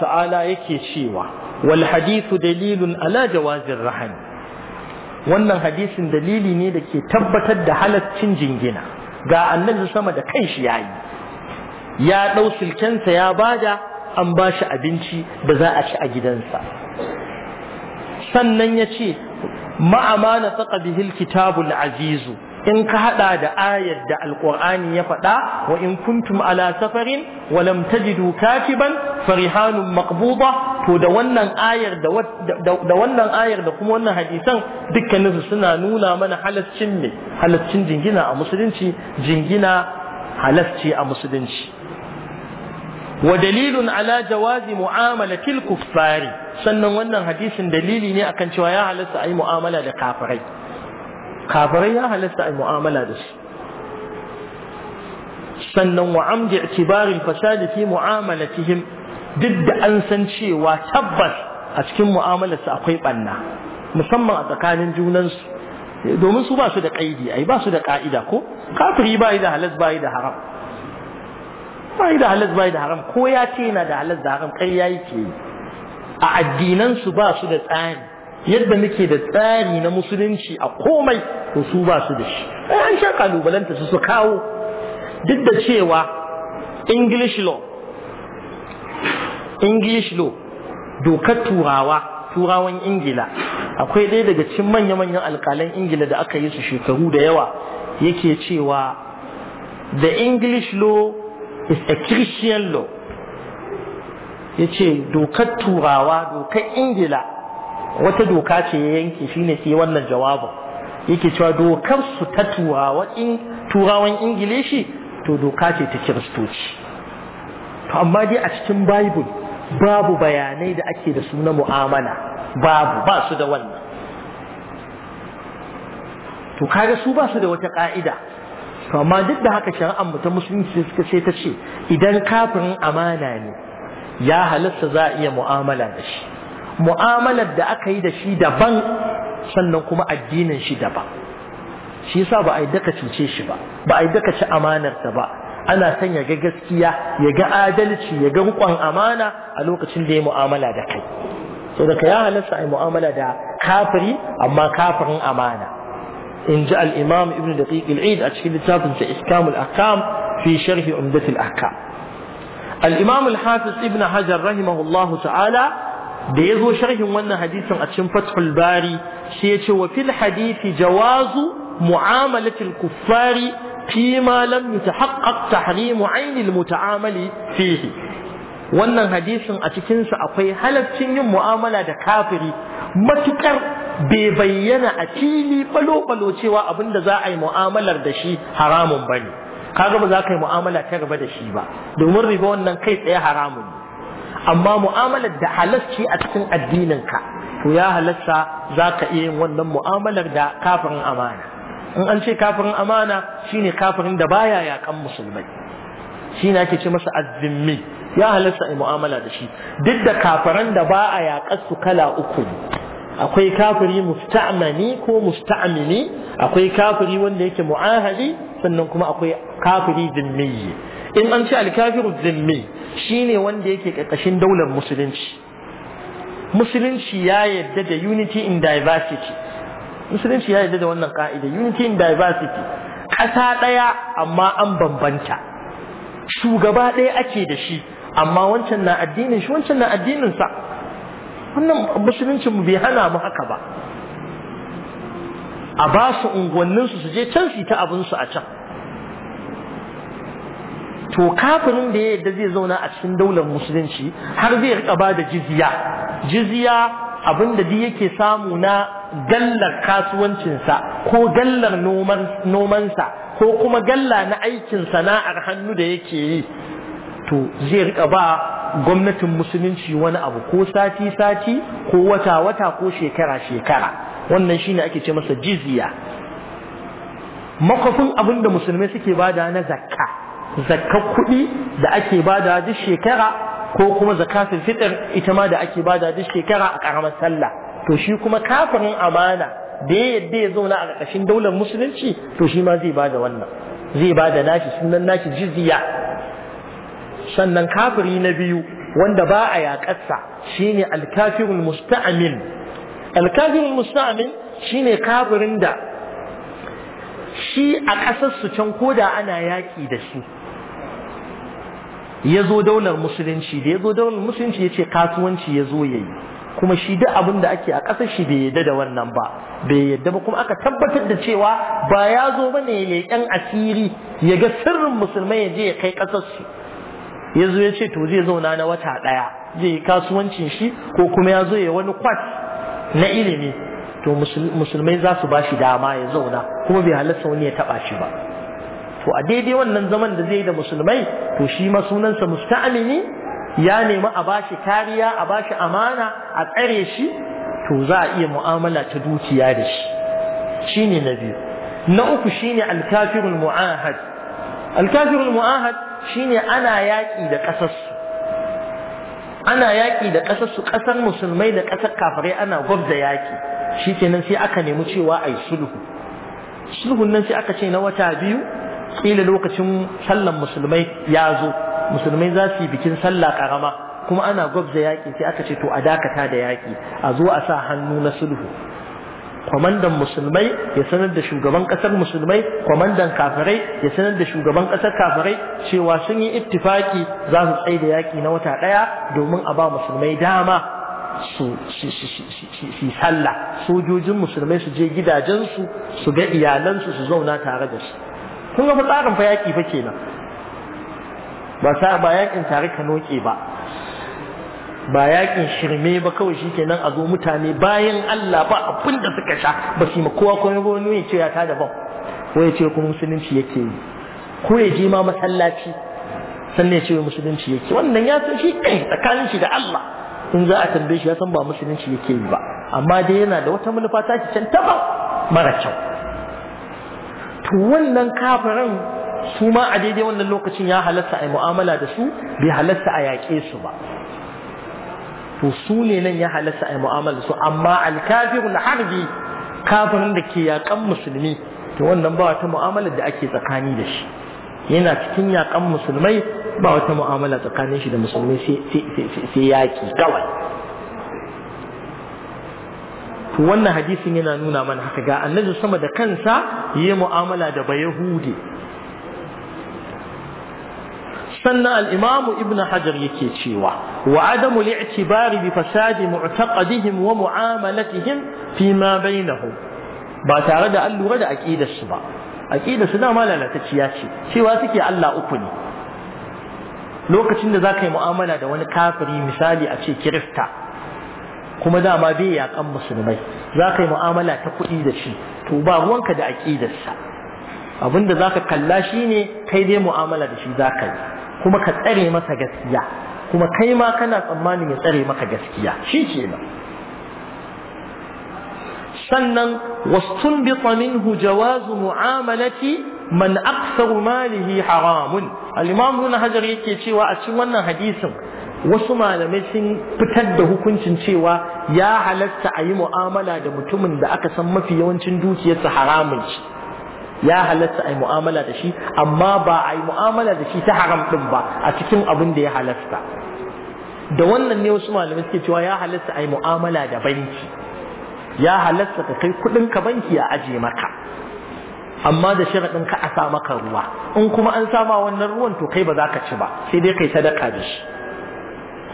ta'ala yake cewa wal hadithu dalilun ala jawazir rahan wannan hadisin dalili ne da ke tabbatar da halaccin jingina ga annabi sama da kai shi yayi ya ɗau silkensa ya bada an ba shi abinci da za a ci a gidansa sannan ya ce ma'amana taqa bihil kitabul azizu in ka hada da ayar da alqur'ani ya faɗa wa in kuntum ala safarin wa lam tajidu katiban farihanun maqbuda to da wannan ayar da da wannan ayar da kuma wannan hadisan dukkanin su suna nuna mana halaccin ne halaccin jingina a musulunci jingina halacci a musulunci wa dalilun ala jawazi mu'amalatil kuffari sannan wannan hadisin dalili ne akan cewa ya halatta ayi mu'amala da kafirai kafirai ya halasta a mu'amala da su sannan wa amdi i'tibarin fasadi fi mu'amalatihim duk da an san cewa tabbas a cikin mu'amalarsu akwai banna musamman a tsakanin junansu domin su ba su da kaidi ai ba su da ka'ida ko kafiri ba da halas ba da haram ba da halas ba da haram ko ya ce yana da halas da haram kai ya yi ke a addinansu ba su da tsari yadda muke da tsari na musulunci a komai to su ba su da shi an sha kalubalanta su su kawo duk da cewa english law english law dokar turawa turawan ingila akwai ɗaya daga cikin manya-manyan alƙalan ingila da aka yi su shekaru da yawa yake cewa the english law is a christian law ya ce dokar turawa dokar ingila wata doka ce ya yanke shine ke wannan jawabin yake cewa dokar su ta turawan ingilishi to doka ce ta kiristoci to amma dai a cikin bible babu bayanai da ake da su na mu'amala babu ba su da wannan to kaga su ba su da wata ka'ida to amma duk da haka shari'ar mu ta musulunci suka ce ta ce idan kafin amana ne ya halatta za a iya mu'amala da shi mu'amalar da aka yi da shi daban sannan kuma addinin shi daban shi yasa ba a yi daka cince shi ba ba a yi daka ci amanar ta ba ana son ya ga gaskiya ya ga adalci ya ga rukon amana a lokacin da ya mu'amala da kai so daga ya halarsa a mu'amala da kafiri amma kafirin amana in ji al'imam ibn daqiq al-eid a cikin littafinsa iskamul ahkam fi sharhi umdatul ahkam الإمام al-hafiz ibn hajar الله ta'ala da ya zo sharhin wannan hadisin a cikin fathul bari shi ya ce wa fil hadisi jawazu mu'amalatil kuffari fi ma lam yutahaqqaq tahrimu ainil muta'amali fihi wannan hadisin a cikin sa akwai halaccin yin mu'amala da kafiri matukar bai bayyana a fili balo balo cewa abinda za a yi mu'amalar da shi haramun bane kaga ba za ka yi mu'amala ta riba da shi ba domin riba wannan kai tsaye haramun amma mu'amalar da halasci a cikin addininka to ya halasta za ka iya yin wannan mu'amalar da kafirin amana in an ce kafirin amana shine kafirin da baya yakan musulmai shi ake ce masa azzimmi ya halasta a mu'amala da shi duk da kafiran da ba a yaƙar su kala uku akwai kafiri musta'mani ko musta'mini akwai kafiri wanda yake mu'ahadi sannan kuma akwai kafiri zimmiyi in an ce alkafiru zimmi shine wanda yake ƙarƙashin daular musulunci musulunci ya yadda da unity in diversity musulunci ya yadda da wannan ka'ida unity in diversity ƙasa ɗaya amma an bambanta shugaba ɗaya ake da shi amma wancan na addinin shi wancan na addinin sa wannan musulunci mu bai hana mu haka ba a ba su unguwanninsu su je can su ta abinsu a can to kafirin da ya yadda zai zauna a cikin daular musulunci har zai rika ba da jiziya. Jiziya abinda da yake samu na gallar kasuwancinsa ko gallar nomansa ko kuma galla na aikin sana'ar hannu da yake yi to zai rika ba gwamnatin musulunci wani abu ko sati-sati ko wata-wata ko shekara-shekara wannan shine ake ce masa jiziya. makwafin abin da musulmai suke bada na zakka Zakar kuɗi da ake bada duk shekara ko kuma zakatul fitr ita ma da ake bada duk shekara a karamar sallah to shi kuma kafirin amana da ya yadda ya zauna a ƙarƙashin daular musulunci to shi ma zai bada wannan zai bada nashi sunan nashi jizya sannan kafiri na biyu wanda ba a yaƙarsa shine alkafirul musta'min alkafirul musta'min shine kafirin da shi a ƙasarsu can koda ana yaƙi da shi ya zo daular musulunci da ya zo daular musulunci ya ce kasuwanci ya zo ya yi kuma shi duk abin da ake a ƙasar shi bai yadda da wannan ba bai yadda ba kuma aka tabbatar da cewa ba ya zo ba ne leƙen asiri ya ga sirrin musulmai ya je ya kai ƙasar su ya zo ya ce to zai zauna na wata ɗaya zai yi kasuwancin shi ko kuma ya zo ya wani kwat na ilimi to musulmai za su ba shi dama ya zauna kuma bai halarta wani ya taɓa shi ba to a daidai wannan zaman da zai da musulmai to shi ma sunansa amini ya nemi a bashi kariya a bashi amana a tsare shi to za a iya mu'amala ta dukiya da shi shine na biyu na uku shine alkafirul mu'ahad alkafirul mu'ahad shine ana yaƙi da ƙasarsu ana yaƙi da ƙasarsu ƙasar musulmai da ƙasar kafirai ana gwabda yaƙi shikenan sai aka nemi cewa ai sulhu sulhun nan sai aka ce na wata biyu kila lokacin sallan musulmai ya zo musulmai za su yi bikin sallah karama kuma ana gwabza yaƙi sai aka ce to a dakata da yaƙi a zo a sa hannu na sulhu kwamandan musulmai ya sanar da shugaban ƙasar musulmai kwamandan kafirai ya sanar da shugaban ƙasar kafirai cewa sun yi ittifaki za su tsaye da yaƙi na wata ɗaya domin a ba musulmai dama su sallah sojojin musulmai su je gidajensu su ga iyalansu su zauna tare da su kun ga tsarin fa yaki fa kenan ba sa ba yakin tare ka noke ba ba yakin shirme ba kawai shikenan a zo mutane bayan Allah ba abin da suka sha ba su ma kowa kuma ne wani ya ce ya tada ba ko ya ce kuma musulunci yake yi ko ya je ma masallaci sannan ya ce musulunci yake wannan ya san shi kai tsakanin shi da Allah in za a tambaye shi ya san ba musulunci yake yi ba amma dai yana da wata manufa ta can ta ba mara kyau to wannan kafirin su ma a daidai wannan lokacin ya halasta a mu'amala da su bai halasta a yaƙe su ba to su ne nan ya halasta a yi mu'amala su amma alkafirul harbi kafirin da ke yaƙan musulmi to wannan ba wata mu'amala da ake tsakani da shi yana cikin yaƙan musulmai ba wata mu'amala tsakanin shi da musulmai sai yaƙi kawai to wannan hadisin yana nuna mana haka ga annabi sama da kansa yi mu'amala da bayahudi sannan al-imamu ibn hajar yake cewa wa adamu li'tibari bi fasadi mu'taqadihim wa mu'amalatihim fi ma bainahum ba tare da an lura da aqidar su ba aqidar su dama lalatacciya ce cewa suke Allah uku ne lokacin da zaka yi mu'amala da wani kafiri misali a ce kirista kuma dama bai yakan musulmai za ka yi mu'amala ta kuɗi da shi to ba ruwanka da aƙidarsa abinda za ka kalla shi ne kai dai mu'amala da shi za ka yi kuma ka tsare masa gaskiya kuma kai ma kana tsammanin ya tsare maka gaskiya shi ke nan sannan wastun bi minhu jawazu mu'amalati man aksaru malihi haramun al-imam hajar yake cewa a cikin wannan hadisin wasu malamai sun fitar da hukuncin cewa ya halatta a yi mu'amala da mutumin da aka san mafi yawancin dukiyarsa haramun shi. ya halatta a yi mu'amala da shi amma ba a yi mu'amala da shi ta haram din ba a cikin abin da ya halatta da wannan ne wasu malamai suke cewa ya halatta a yi mu'amala da banki ya halatta ka kai kudin ka banki a aje maka amma da sharaɗin ka a sa maka ruwa in kuma an sama wannan ruwan to kai ba za ka ci ba sai dai kai sadaka da shi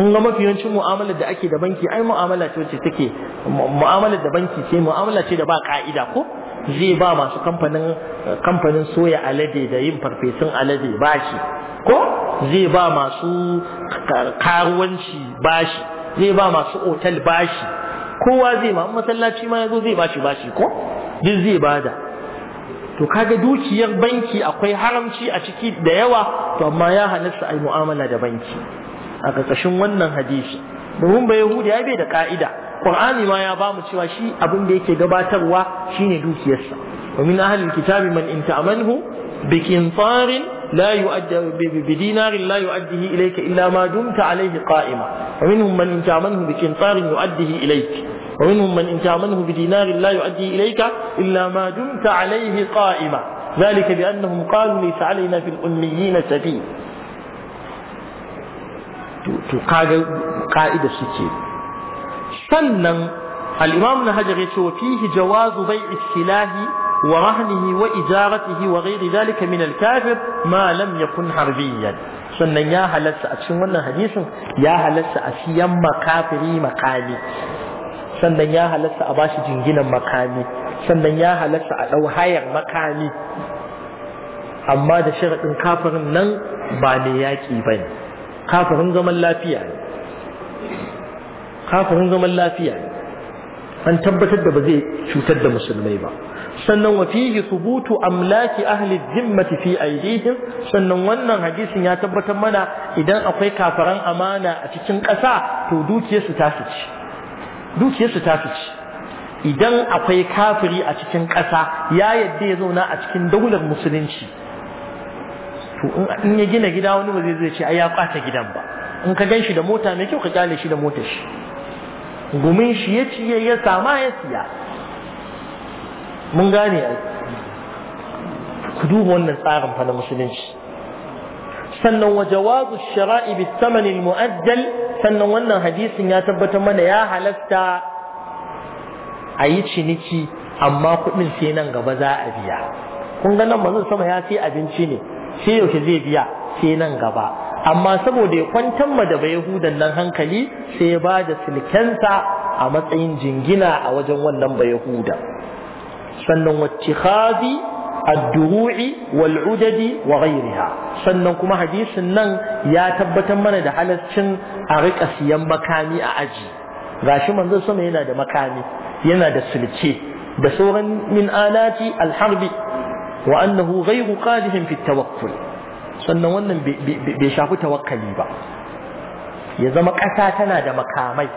kun ga mafi yawancin mu'amalar da ake da banki ai mu'amala ce wacce take mu'amalar da banki ce mu'amala ce da ba ka'ida ko zai ba masu kamfanin kamfanin soya alade da yin farfesun alade bashi ko zai ba masu karuwanci bashi zai ba masu otal bashi kowa zai ma masallaci ma yazo zai bashi bashi ko duk zai bada to kaga dukiyar banki akwai haramci a ciki da yawa to amma ya halatta ai mu'amala da banki a ƙarƙashin wannan hadisi domin ba yahudi ai bai da ka'ida qur'ani ma ya bamu cewa shi abin da yake gabatarwa shine dukiyarsa wa min ahli alkitabi man in ta'manhu bi qintarin la yu'addi bi dinarin la yu'addihi ilayka illa ma dumta alayhi qa'ima wa minhum man in ta'manhu bi qintarin yu'addihi ilayka wa minhum man in ta'manhu bi dinarin la yu'addihi ilayka illa ma dumta alayhi qa'ima ذلك بأنهم قالوا ليس علينا في الأميين سبيل to kaga ka'ida suke sannan al-imam na hajar ya ce wa fihi jawazu bai'i silahi wa rahnihi wa ijaratihi wa ghairi zalika min al-kafir ma lam yakun harbiyan sannan ya halatta a cikin wannan hadisin ya halatta a siyan makafiri makami sannan ya halatta a bashi jinginan makami sannan ya halatta a dau hayar makami amma da sharaɗin kafirin nan ba ne yaki bane kafirin zaman lafiya ne kafirin zaman lafiya ne an tabbatar da ba zai cutar da musulmai ba sannan wa fihi thubutu amlaki ahli dhimmati fi aydihim sannan wannan hadisin ya tabbatar mana idan akwai kafaran amana a cikin ƙasa to dukiyarsu ta fice dukiyarsu ta fice idan akwai kafiri a cikin ƙasa ya yadda ya zauna a cikin daular musulunci to in ya gina gida wani ba zai zai ce ai ya kwace gidan ba in ka ganshi da mota mai kyau ka kyale shi da motar shi gumin shi ya ciye ya sama ya siya mun gane ku duba wannan tsarin fa na musulunci sannan wa jawazu shara'i bi thamanin mu'ajjal sannan wannan hadisin ya tabbatar mana ya halatta a yi ciniki amma kuɗin sai nan gaba za a biya kun ga nan manzon sama ya sai abinci ne sai yaushe zai biya sai nan gaba amma saboda ya kwantar ma da bai yahudan nan hankali sai ya ba da silkensa a matsayin jingina a wajen wannan bai yahuda sannan wacce khazi adduru'i wal'udadi wa ghairiha sannan kuma hadisin nan ya tabbatar mana da halaccin a rika siyan makami a aji gashi manzo sama yana da makami yana da silke da sauran min alati alharbi wa annahu ghayru qadihin fi sannan wannan bai shafi tawakkali ba ya zama ƙasa tana da makamai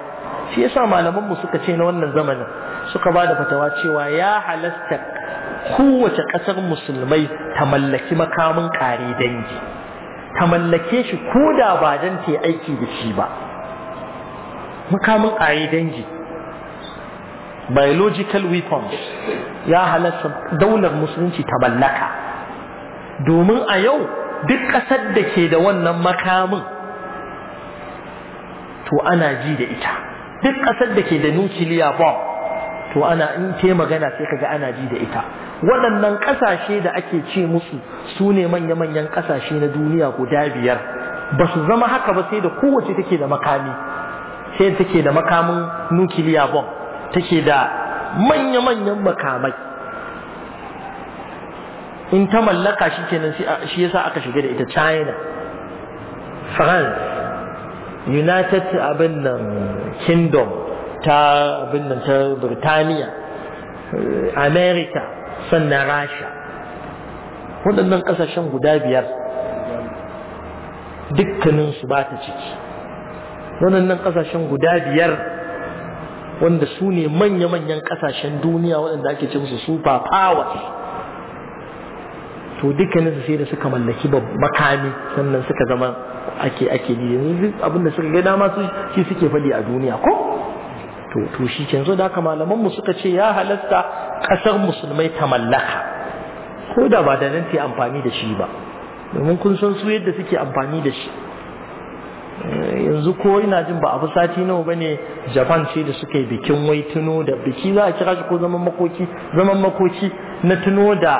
shi yasa malaman mu suka ce na wannan zamanin suka bada fatawa cewa ya halasta kowace ƙasar musulmai ta mallaki makamin kare dangi ta mallake shi ko da ba dan ta aiki da shi ba makamin ƙare dangi biological weapons ya halatta daular musulunci ta mallaka domin a yau duk ƙasar da ke da wannan makamin to ana ji da ita duk ƙasar da ke da nukiliya bomb to ana in ke magana sai kaga ana ji da ita waɗannan ƙasashe da ake ce musu su ne manya-manyan ƙasashe na duniya guda biyar ba su zama haka ba sai da kowace take da makami sai take da makamin nukiliya bomb take da manya-manyan makamai in ta mallaka shi kenan shi yasa aka shiga da ita china france united abinnan kingdom ta abinnan Amerika ta birtaniya eh, america sannan rasha waɗannan ƙasashen guda biyar dukkaninsu ba ta ciki waɗannan ƙasashen guda biyar wanda su ne manya-manyan kasashen duniya waɗanda ake ce musu super powers to dukkaninsu sai da suka mallaki makami sannan suka zama ake ake ne yanzu abinda suka ga dama su shi suke faɗi a duniya ko to to shi ke zo da haka malaman mu suka ce ya halasta kasar musulmai ta mallaka ko da ba da nan ta amfani da shi ba domin kun san su yadda suke amfani da shi yanzu ko ina jin ba a fi sati nawa bane japan ce da suka bikin wai tuno da biki za a kira shi ko zaman makoki zaman makoki na tuno da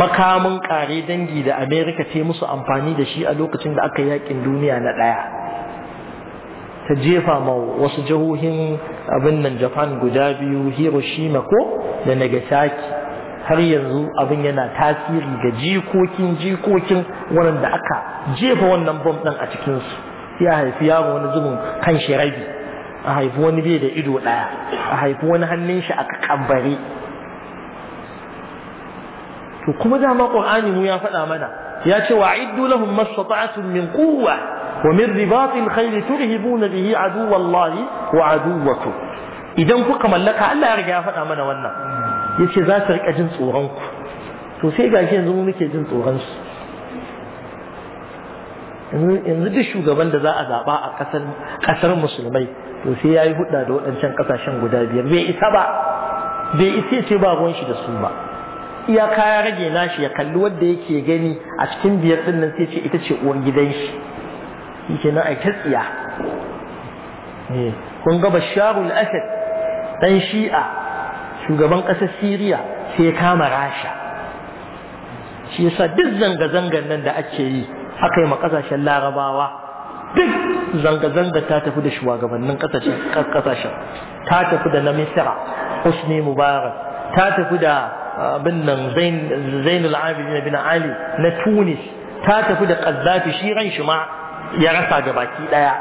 makamin kare dangi da america ce musu amfani da shi a lokacin da aka yi yakin duniya na daya ta jefa ma wasu jihohin abin nan japan guda biyu hiroshima ko da nagasaki har yanzu abin yana tasiri ga jikokin jikokin waɗanda aka jefa wannan bom ɗin a cikinsu ya a haifi yaro wani zubin kan shi rabi a haifi wani bai da ido ɗaya a haifi wani hannun shi aka kambare to kuma dama qur'ani mu ya faɗa mana ya ce wa iddu lahum mastata'atun min quwwa wa min ribatil khayli turhibuna bihi aduwallahi wa aduwwakum idan kuka mallaka Allah ya riga ya faɗa mana wannan yace za su rika jin tsoron ku to sai gashi yanzu mu muke jin tsoron su yanzu duk shugaban da za a zaɓa a kasar kasar musulmai to sai yayi hudda da waɗancan ƙasashen guda biyar bai isa ba bai isa ce ba ruwan shi da su ba iyaka ya rage nashi ya kalli wanda yake gani a cikin biyar din nan sai ce ita ce uwar gidan shi yake nan ai tsiya eh kun ga basharul asad dan shi'a shugaban ƙasar siriya sai ya kama rasha shi yasa duk zanga-zangan nan da ake yi aka yi ma kasashen larabawa duk zanga-zanga ta tafi da shugabannin kasashen ta tafi da na misira husni mubarak ta tafi da abin nan zainul abidin bin ali na tunis ta tafi da kaddafi shi ran shi ma ya rasa ga baki daya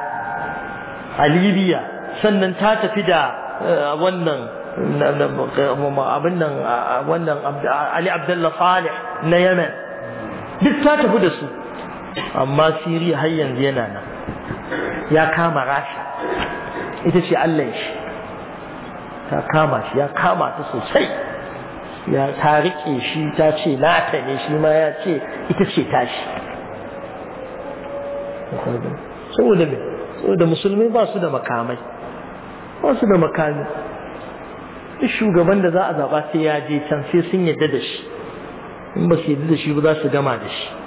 a libya sannan ta tafi da wannan abin nan wannan ali abdullahi salih na yemen duk ta tafi da su amma siri har yanzu yana nan ya kama rasha ita ce allah shi ta kama shi ya kama ta sosai ya ta rike shi ta ce ta ne shi ma ya ce ita ce tashi saboda me saboda musulmi ba su da makamai ba su da makami duk shugaban da za a zaba sai ya je can sai sun yadda da shi in ba su yadda da shi ba za su gama da shi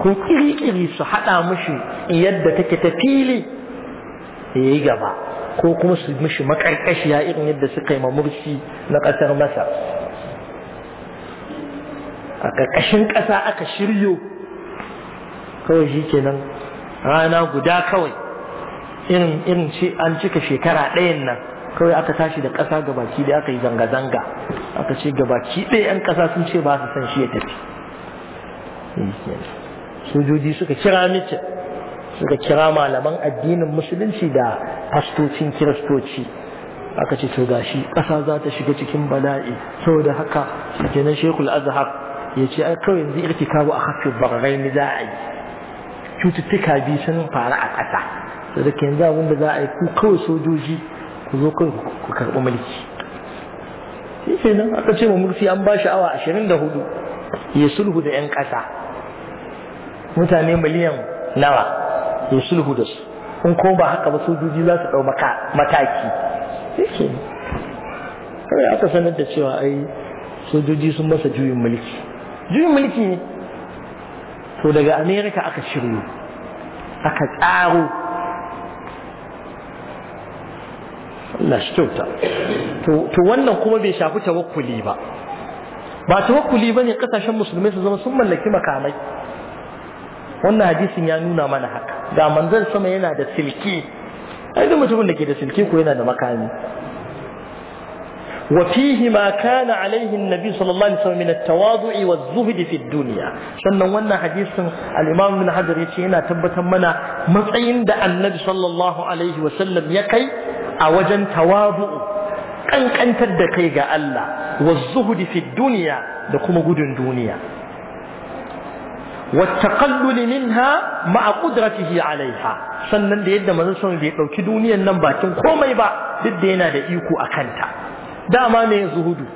ko kiri-kiri su haɗa mushi yadda take ta fili ya yi gaba ko kuma su mushi makarkashiya irin yadda suka yi mamursi na ƙasar masar a ƙarƙashin ƙasa aka shiryo kawai shi kenan rana guda kawai irin irin ce an cika shekara ɗayan nan kawai aka tashi da ƙasa gabaki da aka yi zanga-zanga aka ce gabaki ɗaya 'yan ƙasa sun ce ba su san shi ya tafi sojoji suka kira mitin suka kira malaman addinin musulunci da fastocin kiristoci aka ce to gashi ƙasa za ta shiga cikin bala'i saboda haka na shekul azhar ya ce ai kawai yanzu kawo a hafin bararai ni za a yi cututtuka biyu sun faru a ƙasa saboda yanzu abin da za a yi ku kawai sojoji ku zo kawai ku karɓi mulki shi nan aka ce ma mulki an ba shi awa ashirin da hudu ya sulhu da 'yan ƙasa mutane miliyan nawa to sulhu da su in ko ba haka ba sojoji za su ɗau mataki yake kawai aka sanar da cewa ai sojoji sun masa juyin mulki juyin mulki ne to daga amerika aka shiryo aka tsaro Allah shi kyauta to wannan kuma bai shafi tawakkuli ba ba tawakkuli ba ne kasashen musulmai su zama sun mallaki makamai wannan hadisin ya nuna mana haka ga manzon sama yana da silki ai duk mutumin da ke da silki ko yana da makami وفيه ما كان عليه النبي صلى الله عليه وسلم من التواضع والزهد sannan wannan hadisin al-imam ibn hajar yace yana tabbatar mana matsayin da annabi sallallahu alaihi wasallam ya kai a wajen tawadu kankantar da kai ga Allah wa zuhudi fi duniya da kuma gudun duniya والتقلل منها مع قدرته عليها sannan da yadda manzon sun bai dauki duniyar nan bakin komai ba duk da yana da iko a kanta dama mai zuhudu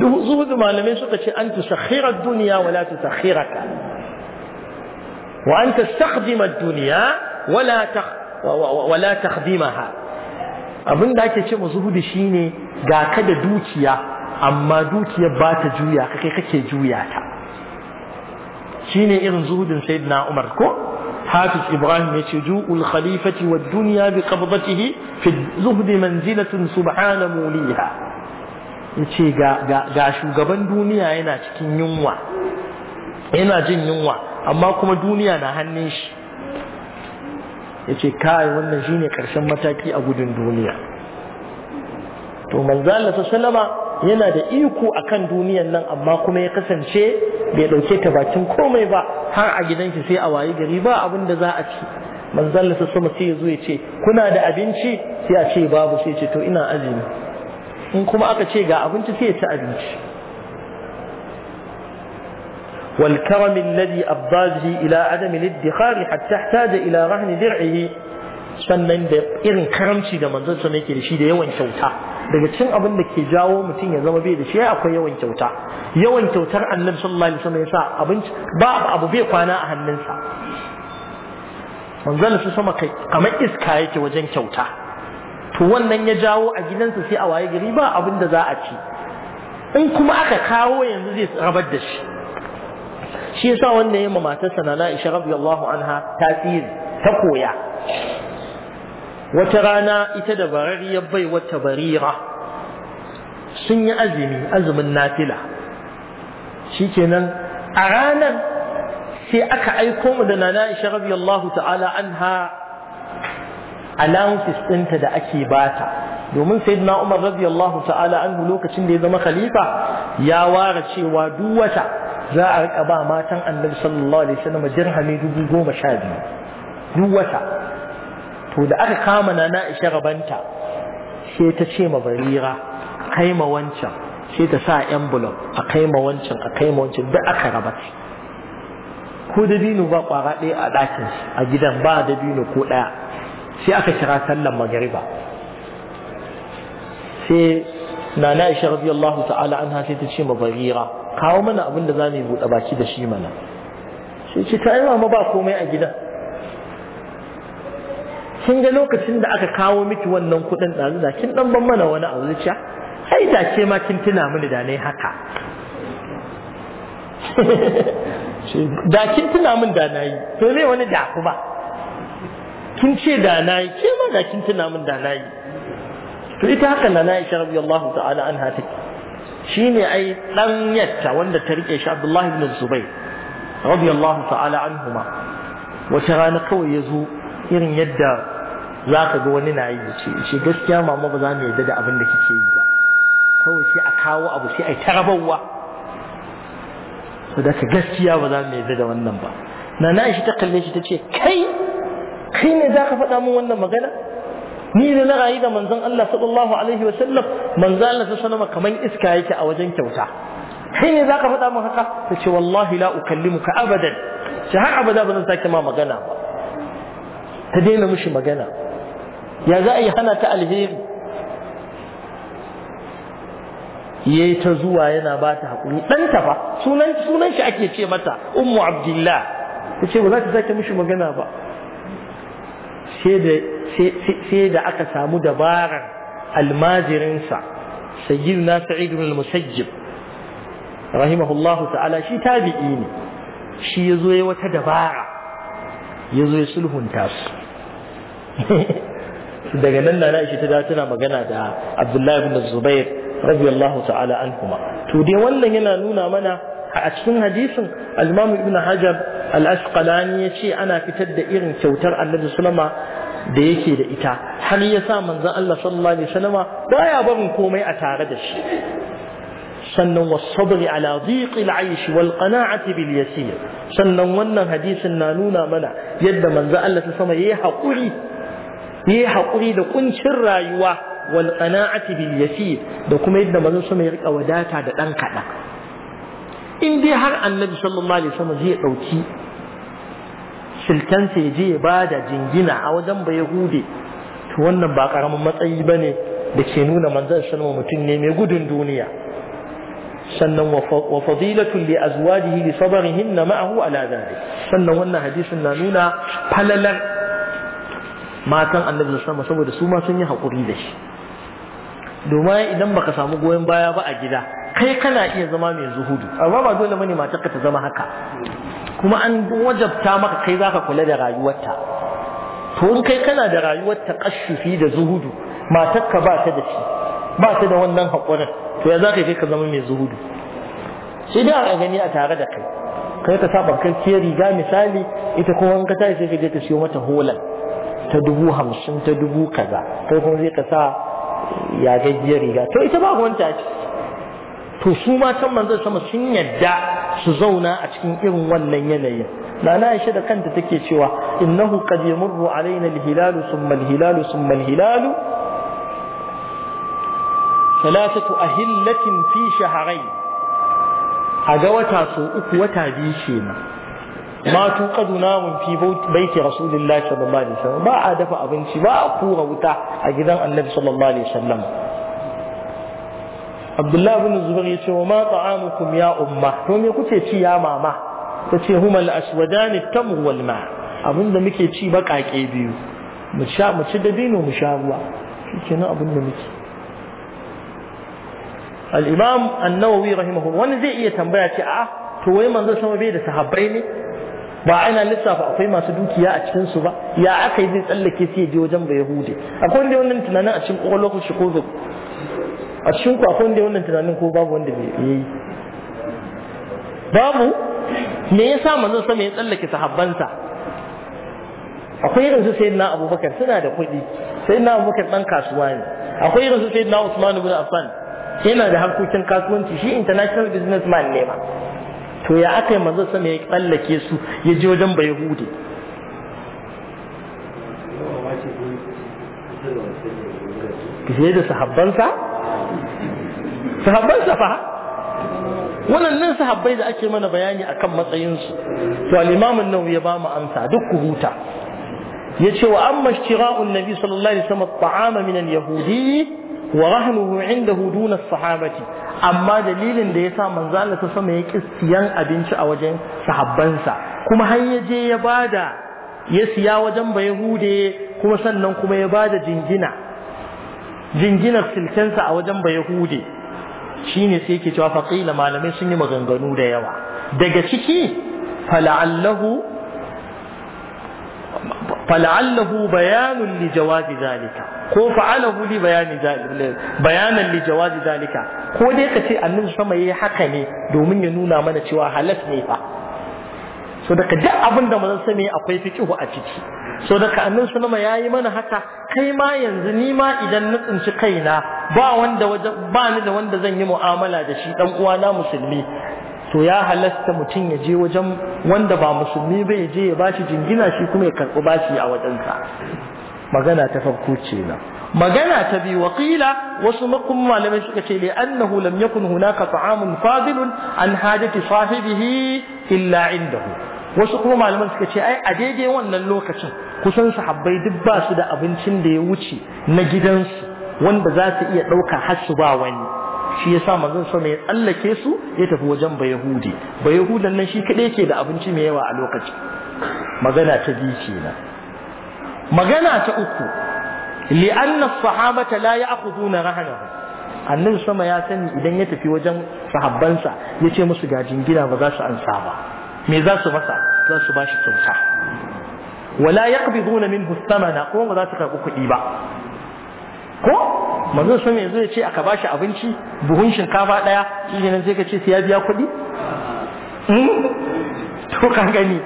zuhudu malamai suka ce an tusakhira ad-dunya wa la tusakhiraka wa an tastakhdima ad-dunya wa la wa la takhdimaha abin da ake ce mu zuhudu shine ga ka da dukiya amma dukiyar ba ta juya kai kake juya ta shine irin zuhudin sayyidina Umar ko Hafiz Ibrahim ya ce ju'ul khalifati wa dunya bi qabdatihi fi zuhdi manzilatun subhana muliha yace ga ga shugaban duniya yana cikin yunwa yana jin yunwa amma kuma duniya na hannun shi yace kai wannan shine karshen mataki a gudun duniya to manzo Allah sallama yana da iko kan duniyan nan amma kuma ya kasance bai ɗauke ta bakin komai ba har a gidan shi sai a wayi gari ba abin da za a ci manzon Allah sama sai ya zo ya ce kuna da abinci sai a ce babu sai ce to ina azumi in kuma aka ce ga abinci sai ya ci abinci karam alladhi أبضى ila adam al الادخار Hatta, tahtaja ila rahn dir'ihi sannan da irin karamci da manzon sa yake da shi da yawan kyauta daga cin abin da ke jawo mutum ya zama bai da shi akwai yawan kyauta yawan kyautar annabi sallallahu alaihi wasallam yasa abinci ba abu bai kwana a hannunsa manzon su sama kai kamar iska yake wajen kyauta to wannan ya jawo a gidansa sai a waye gari ba abin da za a ci in kuma aka kawo yanzu zai rabar da shi shi yasa wannan yamma matarsa na Aisha radiyallahu anha tasiri ta koya wata rana ita da barariyar bai wata barira sun yi azumi azumin nafila shikenan a ranar sai aka aiko mu da nana isha radiyallahu ta'ala ha allowances ɗinta da ake bata domin sayyidina umar radiyallahu ta'ala anhu lokacin da ya zama khalifa ya ware cewa duk wata za a rika ba matan annabi sallallahu alaihi wasallam dirhami dubu goma sha biyu duk wata to da aka kama na na isha rabanta sai ta ce ma barira kai ma wancan sai ta sa envelope a kai ma wancan a kai ma wancan da aka raba ko dabino ba kwara ɗaya a ɗakin a gidan ba dabino ko ɗaya sai aka kira sallan magariba sai na isha radiyallahu ta'ala anha sai ta ce ma barira kawo mana abin da za mu yi buɗe baki da shi mana sai ce ta yi ma ba komai a gidan kin ga lokacin da aka kawo miki wannan kuɗin ɗazu da kin ɗan ban mana wani abu zuciya ai da ke ma kin tuna mini da ne haka da kin tuna min da na yi to me wani da ku kin ce da na yi ke ma da kin tuna min da na yi to ita haka na Aisha radiyallahu ta'ala anha take shine ai dan yatta wanda ta rike shi Abdullahi ibn Zubair radiyallahu ta'ala anhuma wata rana kawai ya zo irin yadda za ka ga wani na yi ce shi gaskiya mama ba za mu yarda da abin da kike yi ba kawai sai a kawo abu sai a yi tarabawa saboda gaskiya ba za mu yarda da wannan ba nana shi ta kalle shi ta ce kai kai ne za ka faɗa min wannan magana ni da na rayu da manzon Allah sallallahu alaihi wa sallam manzon Allah sallallahu alaihi kaman iska yake a wajen kyauta kai ne za ka faɗa min haka ta ce wallahi la ukallimuka abadan shi har abada ba zan sake ma magana ba ta daina mishi magana ya za a yi hana ta alheri ya yi ta zuwa yana ba ta haƙuri ɗanta fa sunan shi ake ce mata ummu abdullah ta ce ba za ta sake mishi magana ba sai da aka samu dabarar almajirinsa sayyid na sa'id ibn al-musajjib rahimahullahu ta'ala shi tabi'i ne shi yazo ya wata dabara yazo ya sulhunta su daga nan na Aisha ta da tana magana da Abdullahi ibn Zubair radiyallahu ta'ala anhuma to dai wannan yana nuna mana a cikin hadisin al-Imam Ibn Hajar al-Asqalani yace ana fitar da irin kyautar Annabi sallama da yake da ita har ya sa manzon Allah sallallahu alaihi wasallama baya barin komai a tare da shi sannan sabri ala dhiq al aish wal qana'ati bil yasir sannan wannan hadisin na nuna mana yadda manzon Allah sallallahu alaihi sama yayi hakuri yayi hakuri da kuncin rayuwa wal qana'ati bil yasir da kuma yadda manzo sama ya rika wadata da dan kada in dai har annabi sallallahu alaihi wasallam zai dauki siltansa sai je ba da jingina a wajen ba yahude to wannan ba karamin matsayi bane da ke nuna manzo sallallahu mutun ne mai gudun duniya sannan wa fadilatu li azwajihi li sabrihinna ma'ahu ala dhalik sannan wannan hadisin na nuna falalar matan annabi sama saboda su ma sun yi hakuri da shi domin idan baka samu goyon baya ba a gida kai kana iya zama mai zuhudu amma ba dole bane matarka ta zama haka kuma an wajabta maka kai zaka kula da rayuwarta to in kai kana da rayuwarta kashufi da zuhudu Matar ka ba ta da shi ba ta da wannan haƙurin to ya zaka kai ka zama mai zuhudu sai da a gani a tare da kai kai ka saba kai riga misali ita kuma in ka tashi sai ka je ka siyo mata holan ta dubu hamsin ta dubu kaza kai kuma zai ka sa ya riga to ita ba wanta ce to su ma can sama sun yadda su zauna a cikin irin wannan yanayin nana Aisha da kanta take cewa innahu qad yamurru alaina al-hilal thumma al-hilal thumma al thalathatu ahillatin fi shahrayn aga wata so uku wata biyu kenan ماتوا قد ناموا في بيت رسول الله صلى الله عليه وسلم ما عادف أبنسي ما أقور وتاع أجدا النبي صلى الله عليه وسلم عبد الله بن الزبير يقول وما طعامكم يا أمة هم يقول يا ماما تتي هما الأسودان التمر والماء أبن دمك يتي بك عك إيديو مشا مشد دينه مشا الله كنا أبن دمك الإمام النووي رحمه الله ونزئية تنبأتي أه توي من ذا سما بيد الصحابين ba ana lissafa akwai masu dukiya a cikin su ba ya aka yi zai tsallake sai je wajen ba yahudi akwai wanda wannan tunanin a cikin kwakwalwar shi ko zo a cikin ku akwai wanda wannan tunanin ko babu wanda bai yi babu me sa manzon sama ya tsallake sahabbansa akwai irin su sayyidina abubakar suna da kuɗi sayyidina abubakar dan kasuwa ne akwai irin su sayyidina usman ibn affan yana da harkokin kasuwanci shi international businessman ne ma to ya aka yi manzo sama ya tsallake su ya ji wajen bai hude fiye da sahabbansa sahabbansa fa Wannan nan sahabbai da ake mana bayani a kan matsayinsu to al-imamun ya ba mu amsa duk ku huta Ya ce wa amma ishtira'un nabi sallallahu alaihi wasallam at-ta'ama min al-yahudi wa rahnuhu 'indahu duna as-sahabati amma dalilin da ya sa manzala ta sama ya ki siyan abinci a wajen sahabbansa kuma har ya je ya bada ya siya wajen ba Yahude kuma sannan kuma ya bada jingina jinginar silkensa a wajen ba Yahude ne sai ke cewa faƙila malamai sun yi maganganu da yawa daga ciki fala'allahu fala'allahu bayanun li jawazi zalika ko fa'alahu li bayani bayanan li jawazi zalika ko dai ka ce annabi sama yayi haka ne domin ya nuna mana cewa halas ne fa so daga duk abin da mun sani akwai fiqhu a ciki so daga annabi sama yayi mana haka kai ma yanzu ni ma idan na tsinci kaina ba wanda ba ni da wanda zan yi mu'amala da shi dan uwa na musulmi to ya halasta mutum ya je wajen wanda ba musulmi ba ya je ya bashi jingina shi kuma ya karɓi bashi a wajensa magana ta farko kenan magana ta biyu wakila wasu makon malamai suka ce li annahu lam yakun hunaka ta'amun fadilun an hajati sahibihi illa indahu wasu kuma malaman suka ce ai a daidai wannan lokacin kusan sahabbai duk ba su da abincin da ya wuce na gidansu wanda za su iya ɗauka har su ba wani shi yasa manzon sa mai tsallake su ya tafi wajen bayahudi bayahudan nan shi kaɗai ke da abinci mai yawa a lokacin magana ta biyu kenan magana ta uku li'anna sahabata la ya'khuduna rahanahu annabi sama ya sani idan ya tafi wajen sahabbansa yace ce musu ga jingina ba za su ansa ba me za su masa za su bashi kyauta wala yaqbiduna minhu thamana ko ba za su karɓi kuɗi ba ko manzo sun yanzu ya ce aka bashi abinci buhun shinkafa ɗaya shi ne sai ka ce sai ya biya kuɗi hmm? to ka gani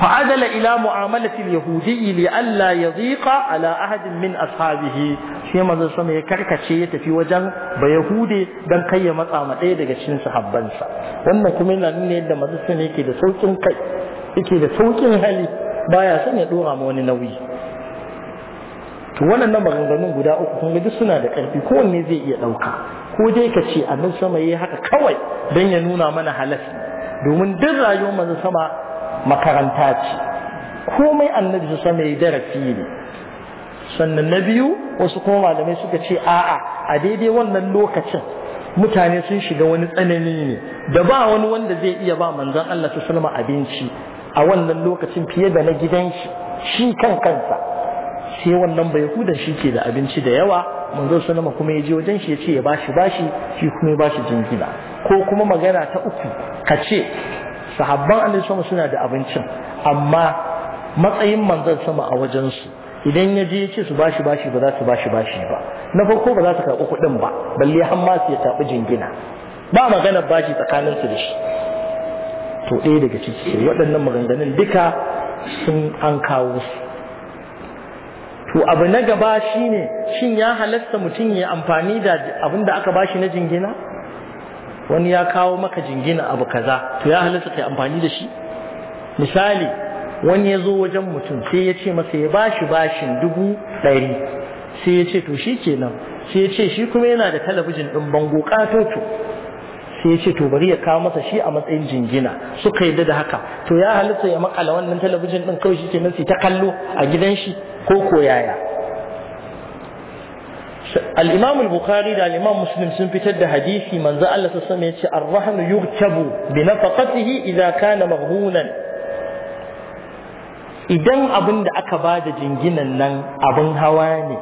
fa'adala ila mu'amalati al-yahudi li'alla yadhiqa ala ahad min ashabihi Sai mazan sun ya karkace ya tafi wajen bayahude dan kai ya matsa ma dai daga cikin sahabbansa wannan kuma ina nuna yadda mazan sun yake da saukin kai yake da saukin hali baya son ya dora ma wani nauyi to wannan nan maganganun guda uku kun ga suna da karfi ko wanne zai iya ɗauka? ko dai ka ce a nan sama yayi haka kawai don ya nuna mana halaka domin duk rayuwar manzo sama makaranta ce komai annabi su sa ya darasi ne sannan na biyu wasu kuma malamai suka ce a'a a daidai wannan lokacin mutane sun shiga wani tsanani ne da ba wani wanda zai iya ba manzon Allah su sulma abinci a wannan lokacin fiye da na gidan shi shi kan kansa sai wannan bai hudan shi ke da abinci da yawa manzo sulma kuma ya je wajen shi ya ce ya bashi bashi shi kuma ya bashi jingina ko kuma magana ta uku ka ce sahabban annabi sama suna da abincin amma matsayin manzon sama a wajen su idan ya je ce su bashi bashi ba za su bashi bashi ba na farko ba za su karɓi kuɗin ba balle har ma su ya karɓi jingina ba maganar bashi tsakanin su da shi to ɗaya daga ciki waɗannan maganganun duka sun an kawo su to abu na gaba shine shin ya halatta mutum ya amfani da abin da aka bashi na jingina wani ya kawo maka jingina abu kaza to ya halitta kai amfani da shi misali wani ya zo wajen mutum sai ya ce masa ya bashi bashin dubu ɗari sai ya ce to shi kenan sai ya ce shi kuma yana da talabijin ɗin bango ƙatoto sai ya ce to bari ya kawo masa shi a matsayin jingina suka yarda da haka to ya halitta ya makala wannan talabijin ɗin kawai shi kenan sai ta kallo a gidan shi ko ko yaya al bukhari da al-imam sun fitar da hadisi manzo Allah sallallahu alaihi wasallam yace ar-rahmu yuktabu bi nafaqatihi idza kana maghbunan idan abun da aka ba da jinginan nan abin hawa ne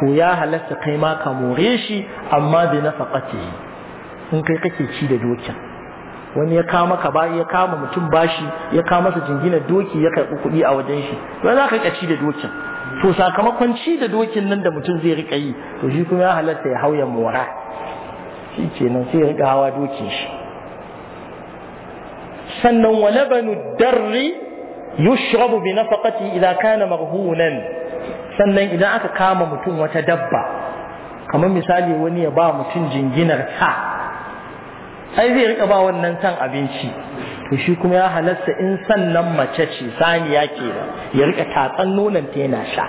to ya halatta kai ma ka more shi amma bi nafaqatihi in kai kake ci da dokin wani ya kama mutum bashi ya kama masa jinginar doki ya karɓi kuɗi a wajen shi to za ka ci da dokin to sakamakon ci da dokin nan da mutum zai rika yi to shi kuma ya halatta ya hauya mora shi nan sai ya rika hawa dokin shi sannan wa labanu darri yushrabu bi nafaqati idza kana marhunan sannan idan aka kama mutum wata dabba kamar misali wani ya ba mutum jinginar ta ai zai rika ba wannan san abinci to shi kuma ya halasta in sannan mace ce saniya ke da ya rika tatsan nonon ta yana sha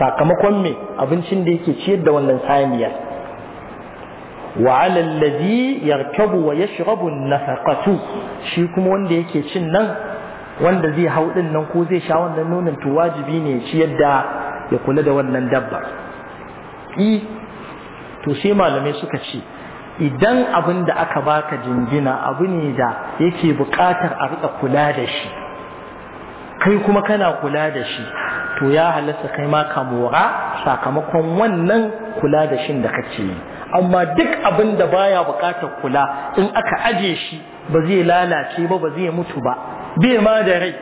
sakamakon me abincin da yake ciyar da wannan saniyar wa ala yarkabu wa yashrabu nafaqatu shi kuma wanda yake cin nan wanda zai hau din nan ko zai sha wannan nonon to wajibi ne ciyar da ya kula da wannan dabbar i to sai malamai suka ce idan abin da aka baka jingina abu ne da yake buƙatar a riƙa kula da shi kai kuma kana kula da shi to ya halasta kai ma ka mora sakamakon wannan kula da shin da kake yi amma duk abin da baya buƙatar kula in aka aje shi ba zai lalace ba ba zai mutu ba bai ma da rai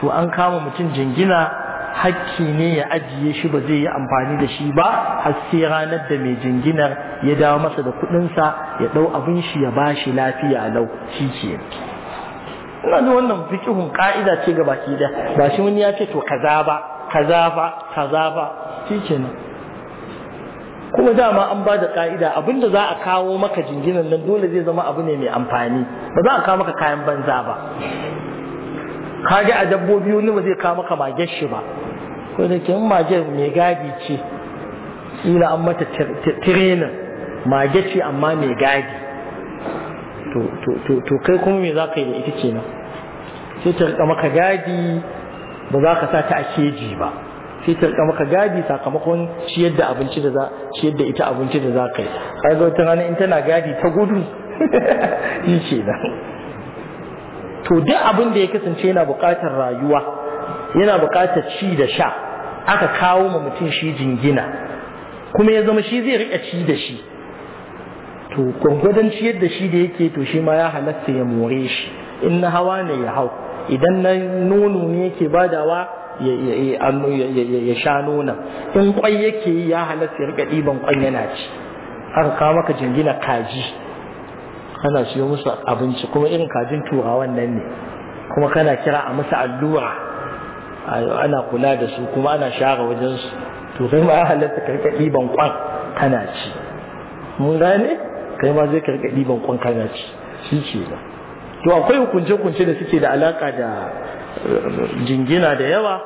to an kama mutum jingina hakki ne ya ajiye shi ba zai yi amfani da shi ba har sai ranar da mai jinginar ya dawo masa da sa ya dau abin shi ya bashi lafiya lau shi ke ina da wannan fikihun ka'ida ce ga baki da ba shi wani ya ce to kaza ba kaza ba kaza ba shi ne. kuma dama an ba da ka'ida abinda za a kawo maka jinginan nan dole zai zama abu ne mai amfani ba za a kawo maka kayan banza ba Ka ga a dabbobi wani ba zai kawo maka magen shi ba so da ke mage mai gadi ce kila an mata tirenin mage ce amma mai gadi to kai kuma me za ka yi da ita kenan sai ta rika maka gadi ba za ka sa ta a keji ba sai ta rika maka gadi sakamakon ciyar da abinci da za ciyar da ita abinci da za ka yi kaga wata rana in tana gadi ta gudu shi na. to duk abin da ya kasance yana buƙatar rayuwa yana buƙatar ci da sha aka kawo ma mutum shi jingina kuma ya zama shi zai riƙa ci da shi to gwangwadon ciyar da shi da yake to shi ma ya halatta ya more shi in na hawa ne ya hau idan na nono ne yake badawa ya sha nona in kwai yake yi ya halatta ya rika ɗiban kwai yana ci aka kawo maka jingina kaji kana siyo musu abinci kuma irin kajin turawan nan ne kuma kana kira a musu allura ana kula da su kuma ana share wajen su to kai ma halatta ka rika ɗiban kwan kana ci mun gane kai ma zai ka rika ɗiban kwan kana ci shi ke ba to akwai hukunce-hukunce da suke da alaka da eh, jingina da yawa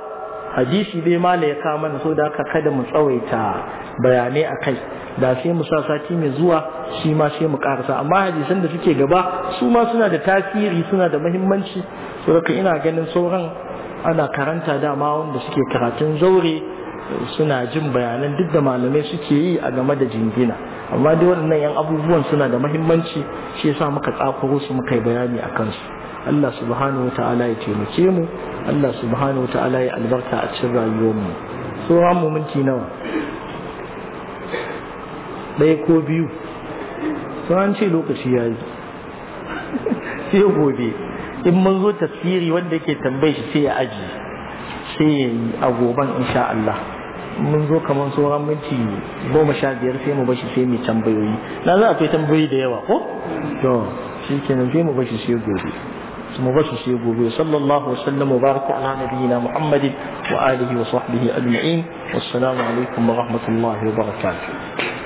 hadisi dai mala ya kama mana so da haka kada mu tsawaita bayanai a kai da sai mu sa sati mai zuwa shi ma sai mu karasa amma hadisan da suke gaba su ma suna da tasiri suna da muhimmanci saboda ina ganin sauran ana karanta dama wanda suke karatun zaure suna jin bayanan duk da malamai suke yi a game da jingina amma dai waɗannan 'yan abubuwan suna da mahimmanci shi yasa muka tsakuro su muka yi bayani a kansu Allah subhanahu ta'ala ya taimake mu Allah subhanahu ta'ala ya albarka a cikin rayuwar mu an mu minti nawa ɗaya ko biyu an ce lokaci ya yi sai gobe in mun zo tafsiri wanda yake tambaye shi sai ya aji sai ya yi a goban insha Allah mun zo kamar sauran minti goma sha biyar sai mu bashi sai mai tambayoyi na za a kai tambayoyi da yawa ko to shi kenan sai mu bashi sai gobe mu bashi sai gobe sallallahu alaihi wasallam wa baraka ala nabiyina muhammadin wa alihi wa sahbihi ajma'in wassalamu alaikum wa rahmatullahi wa barakatuh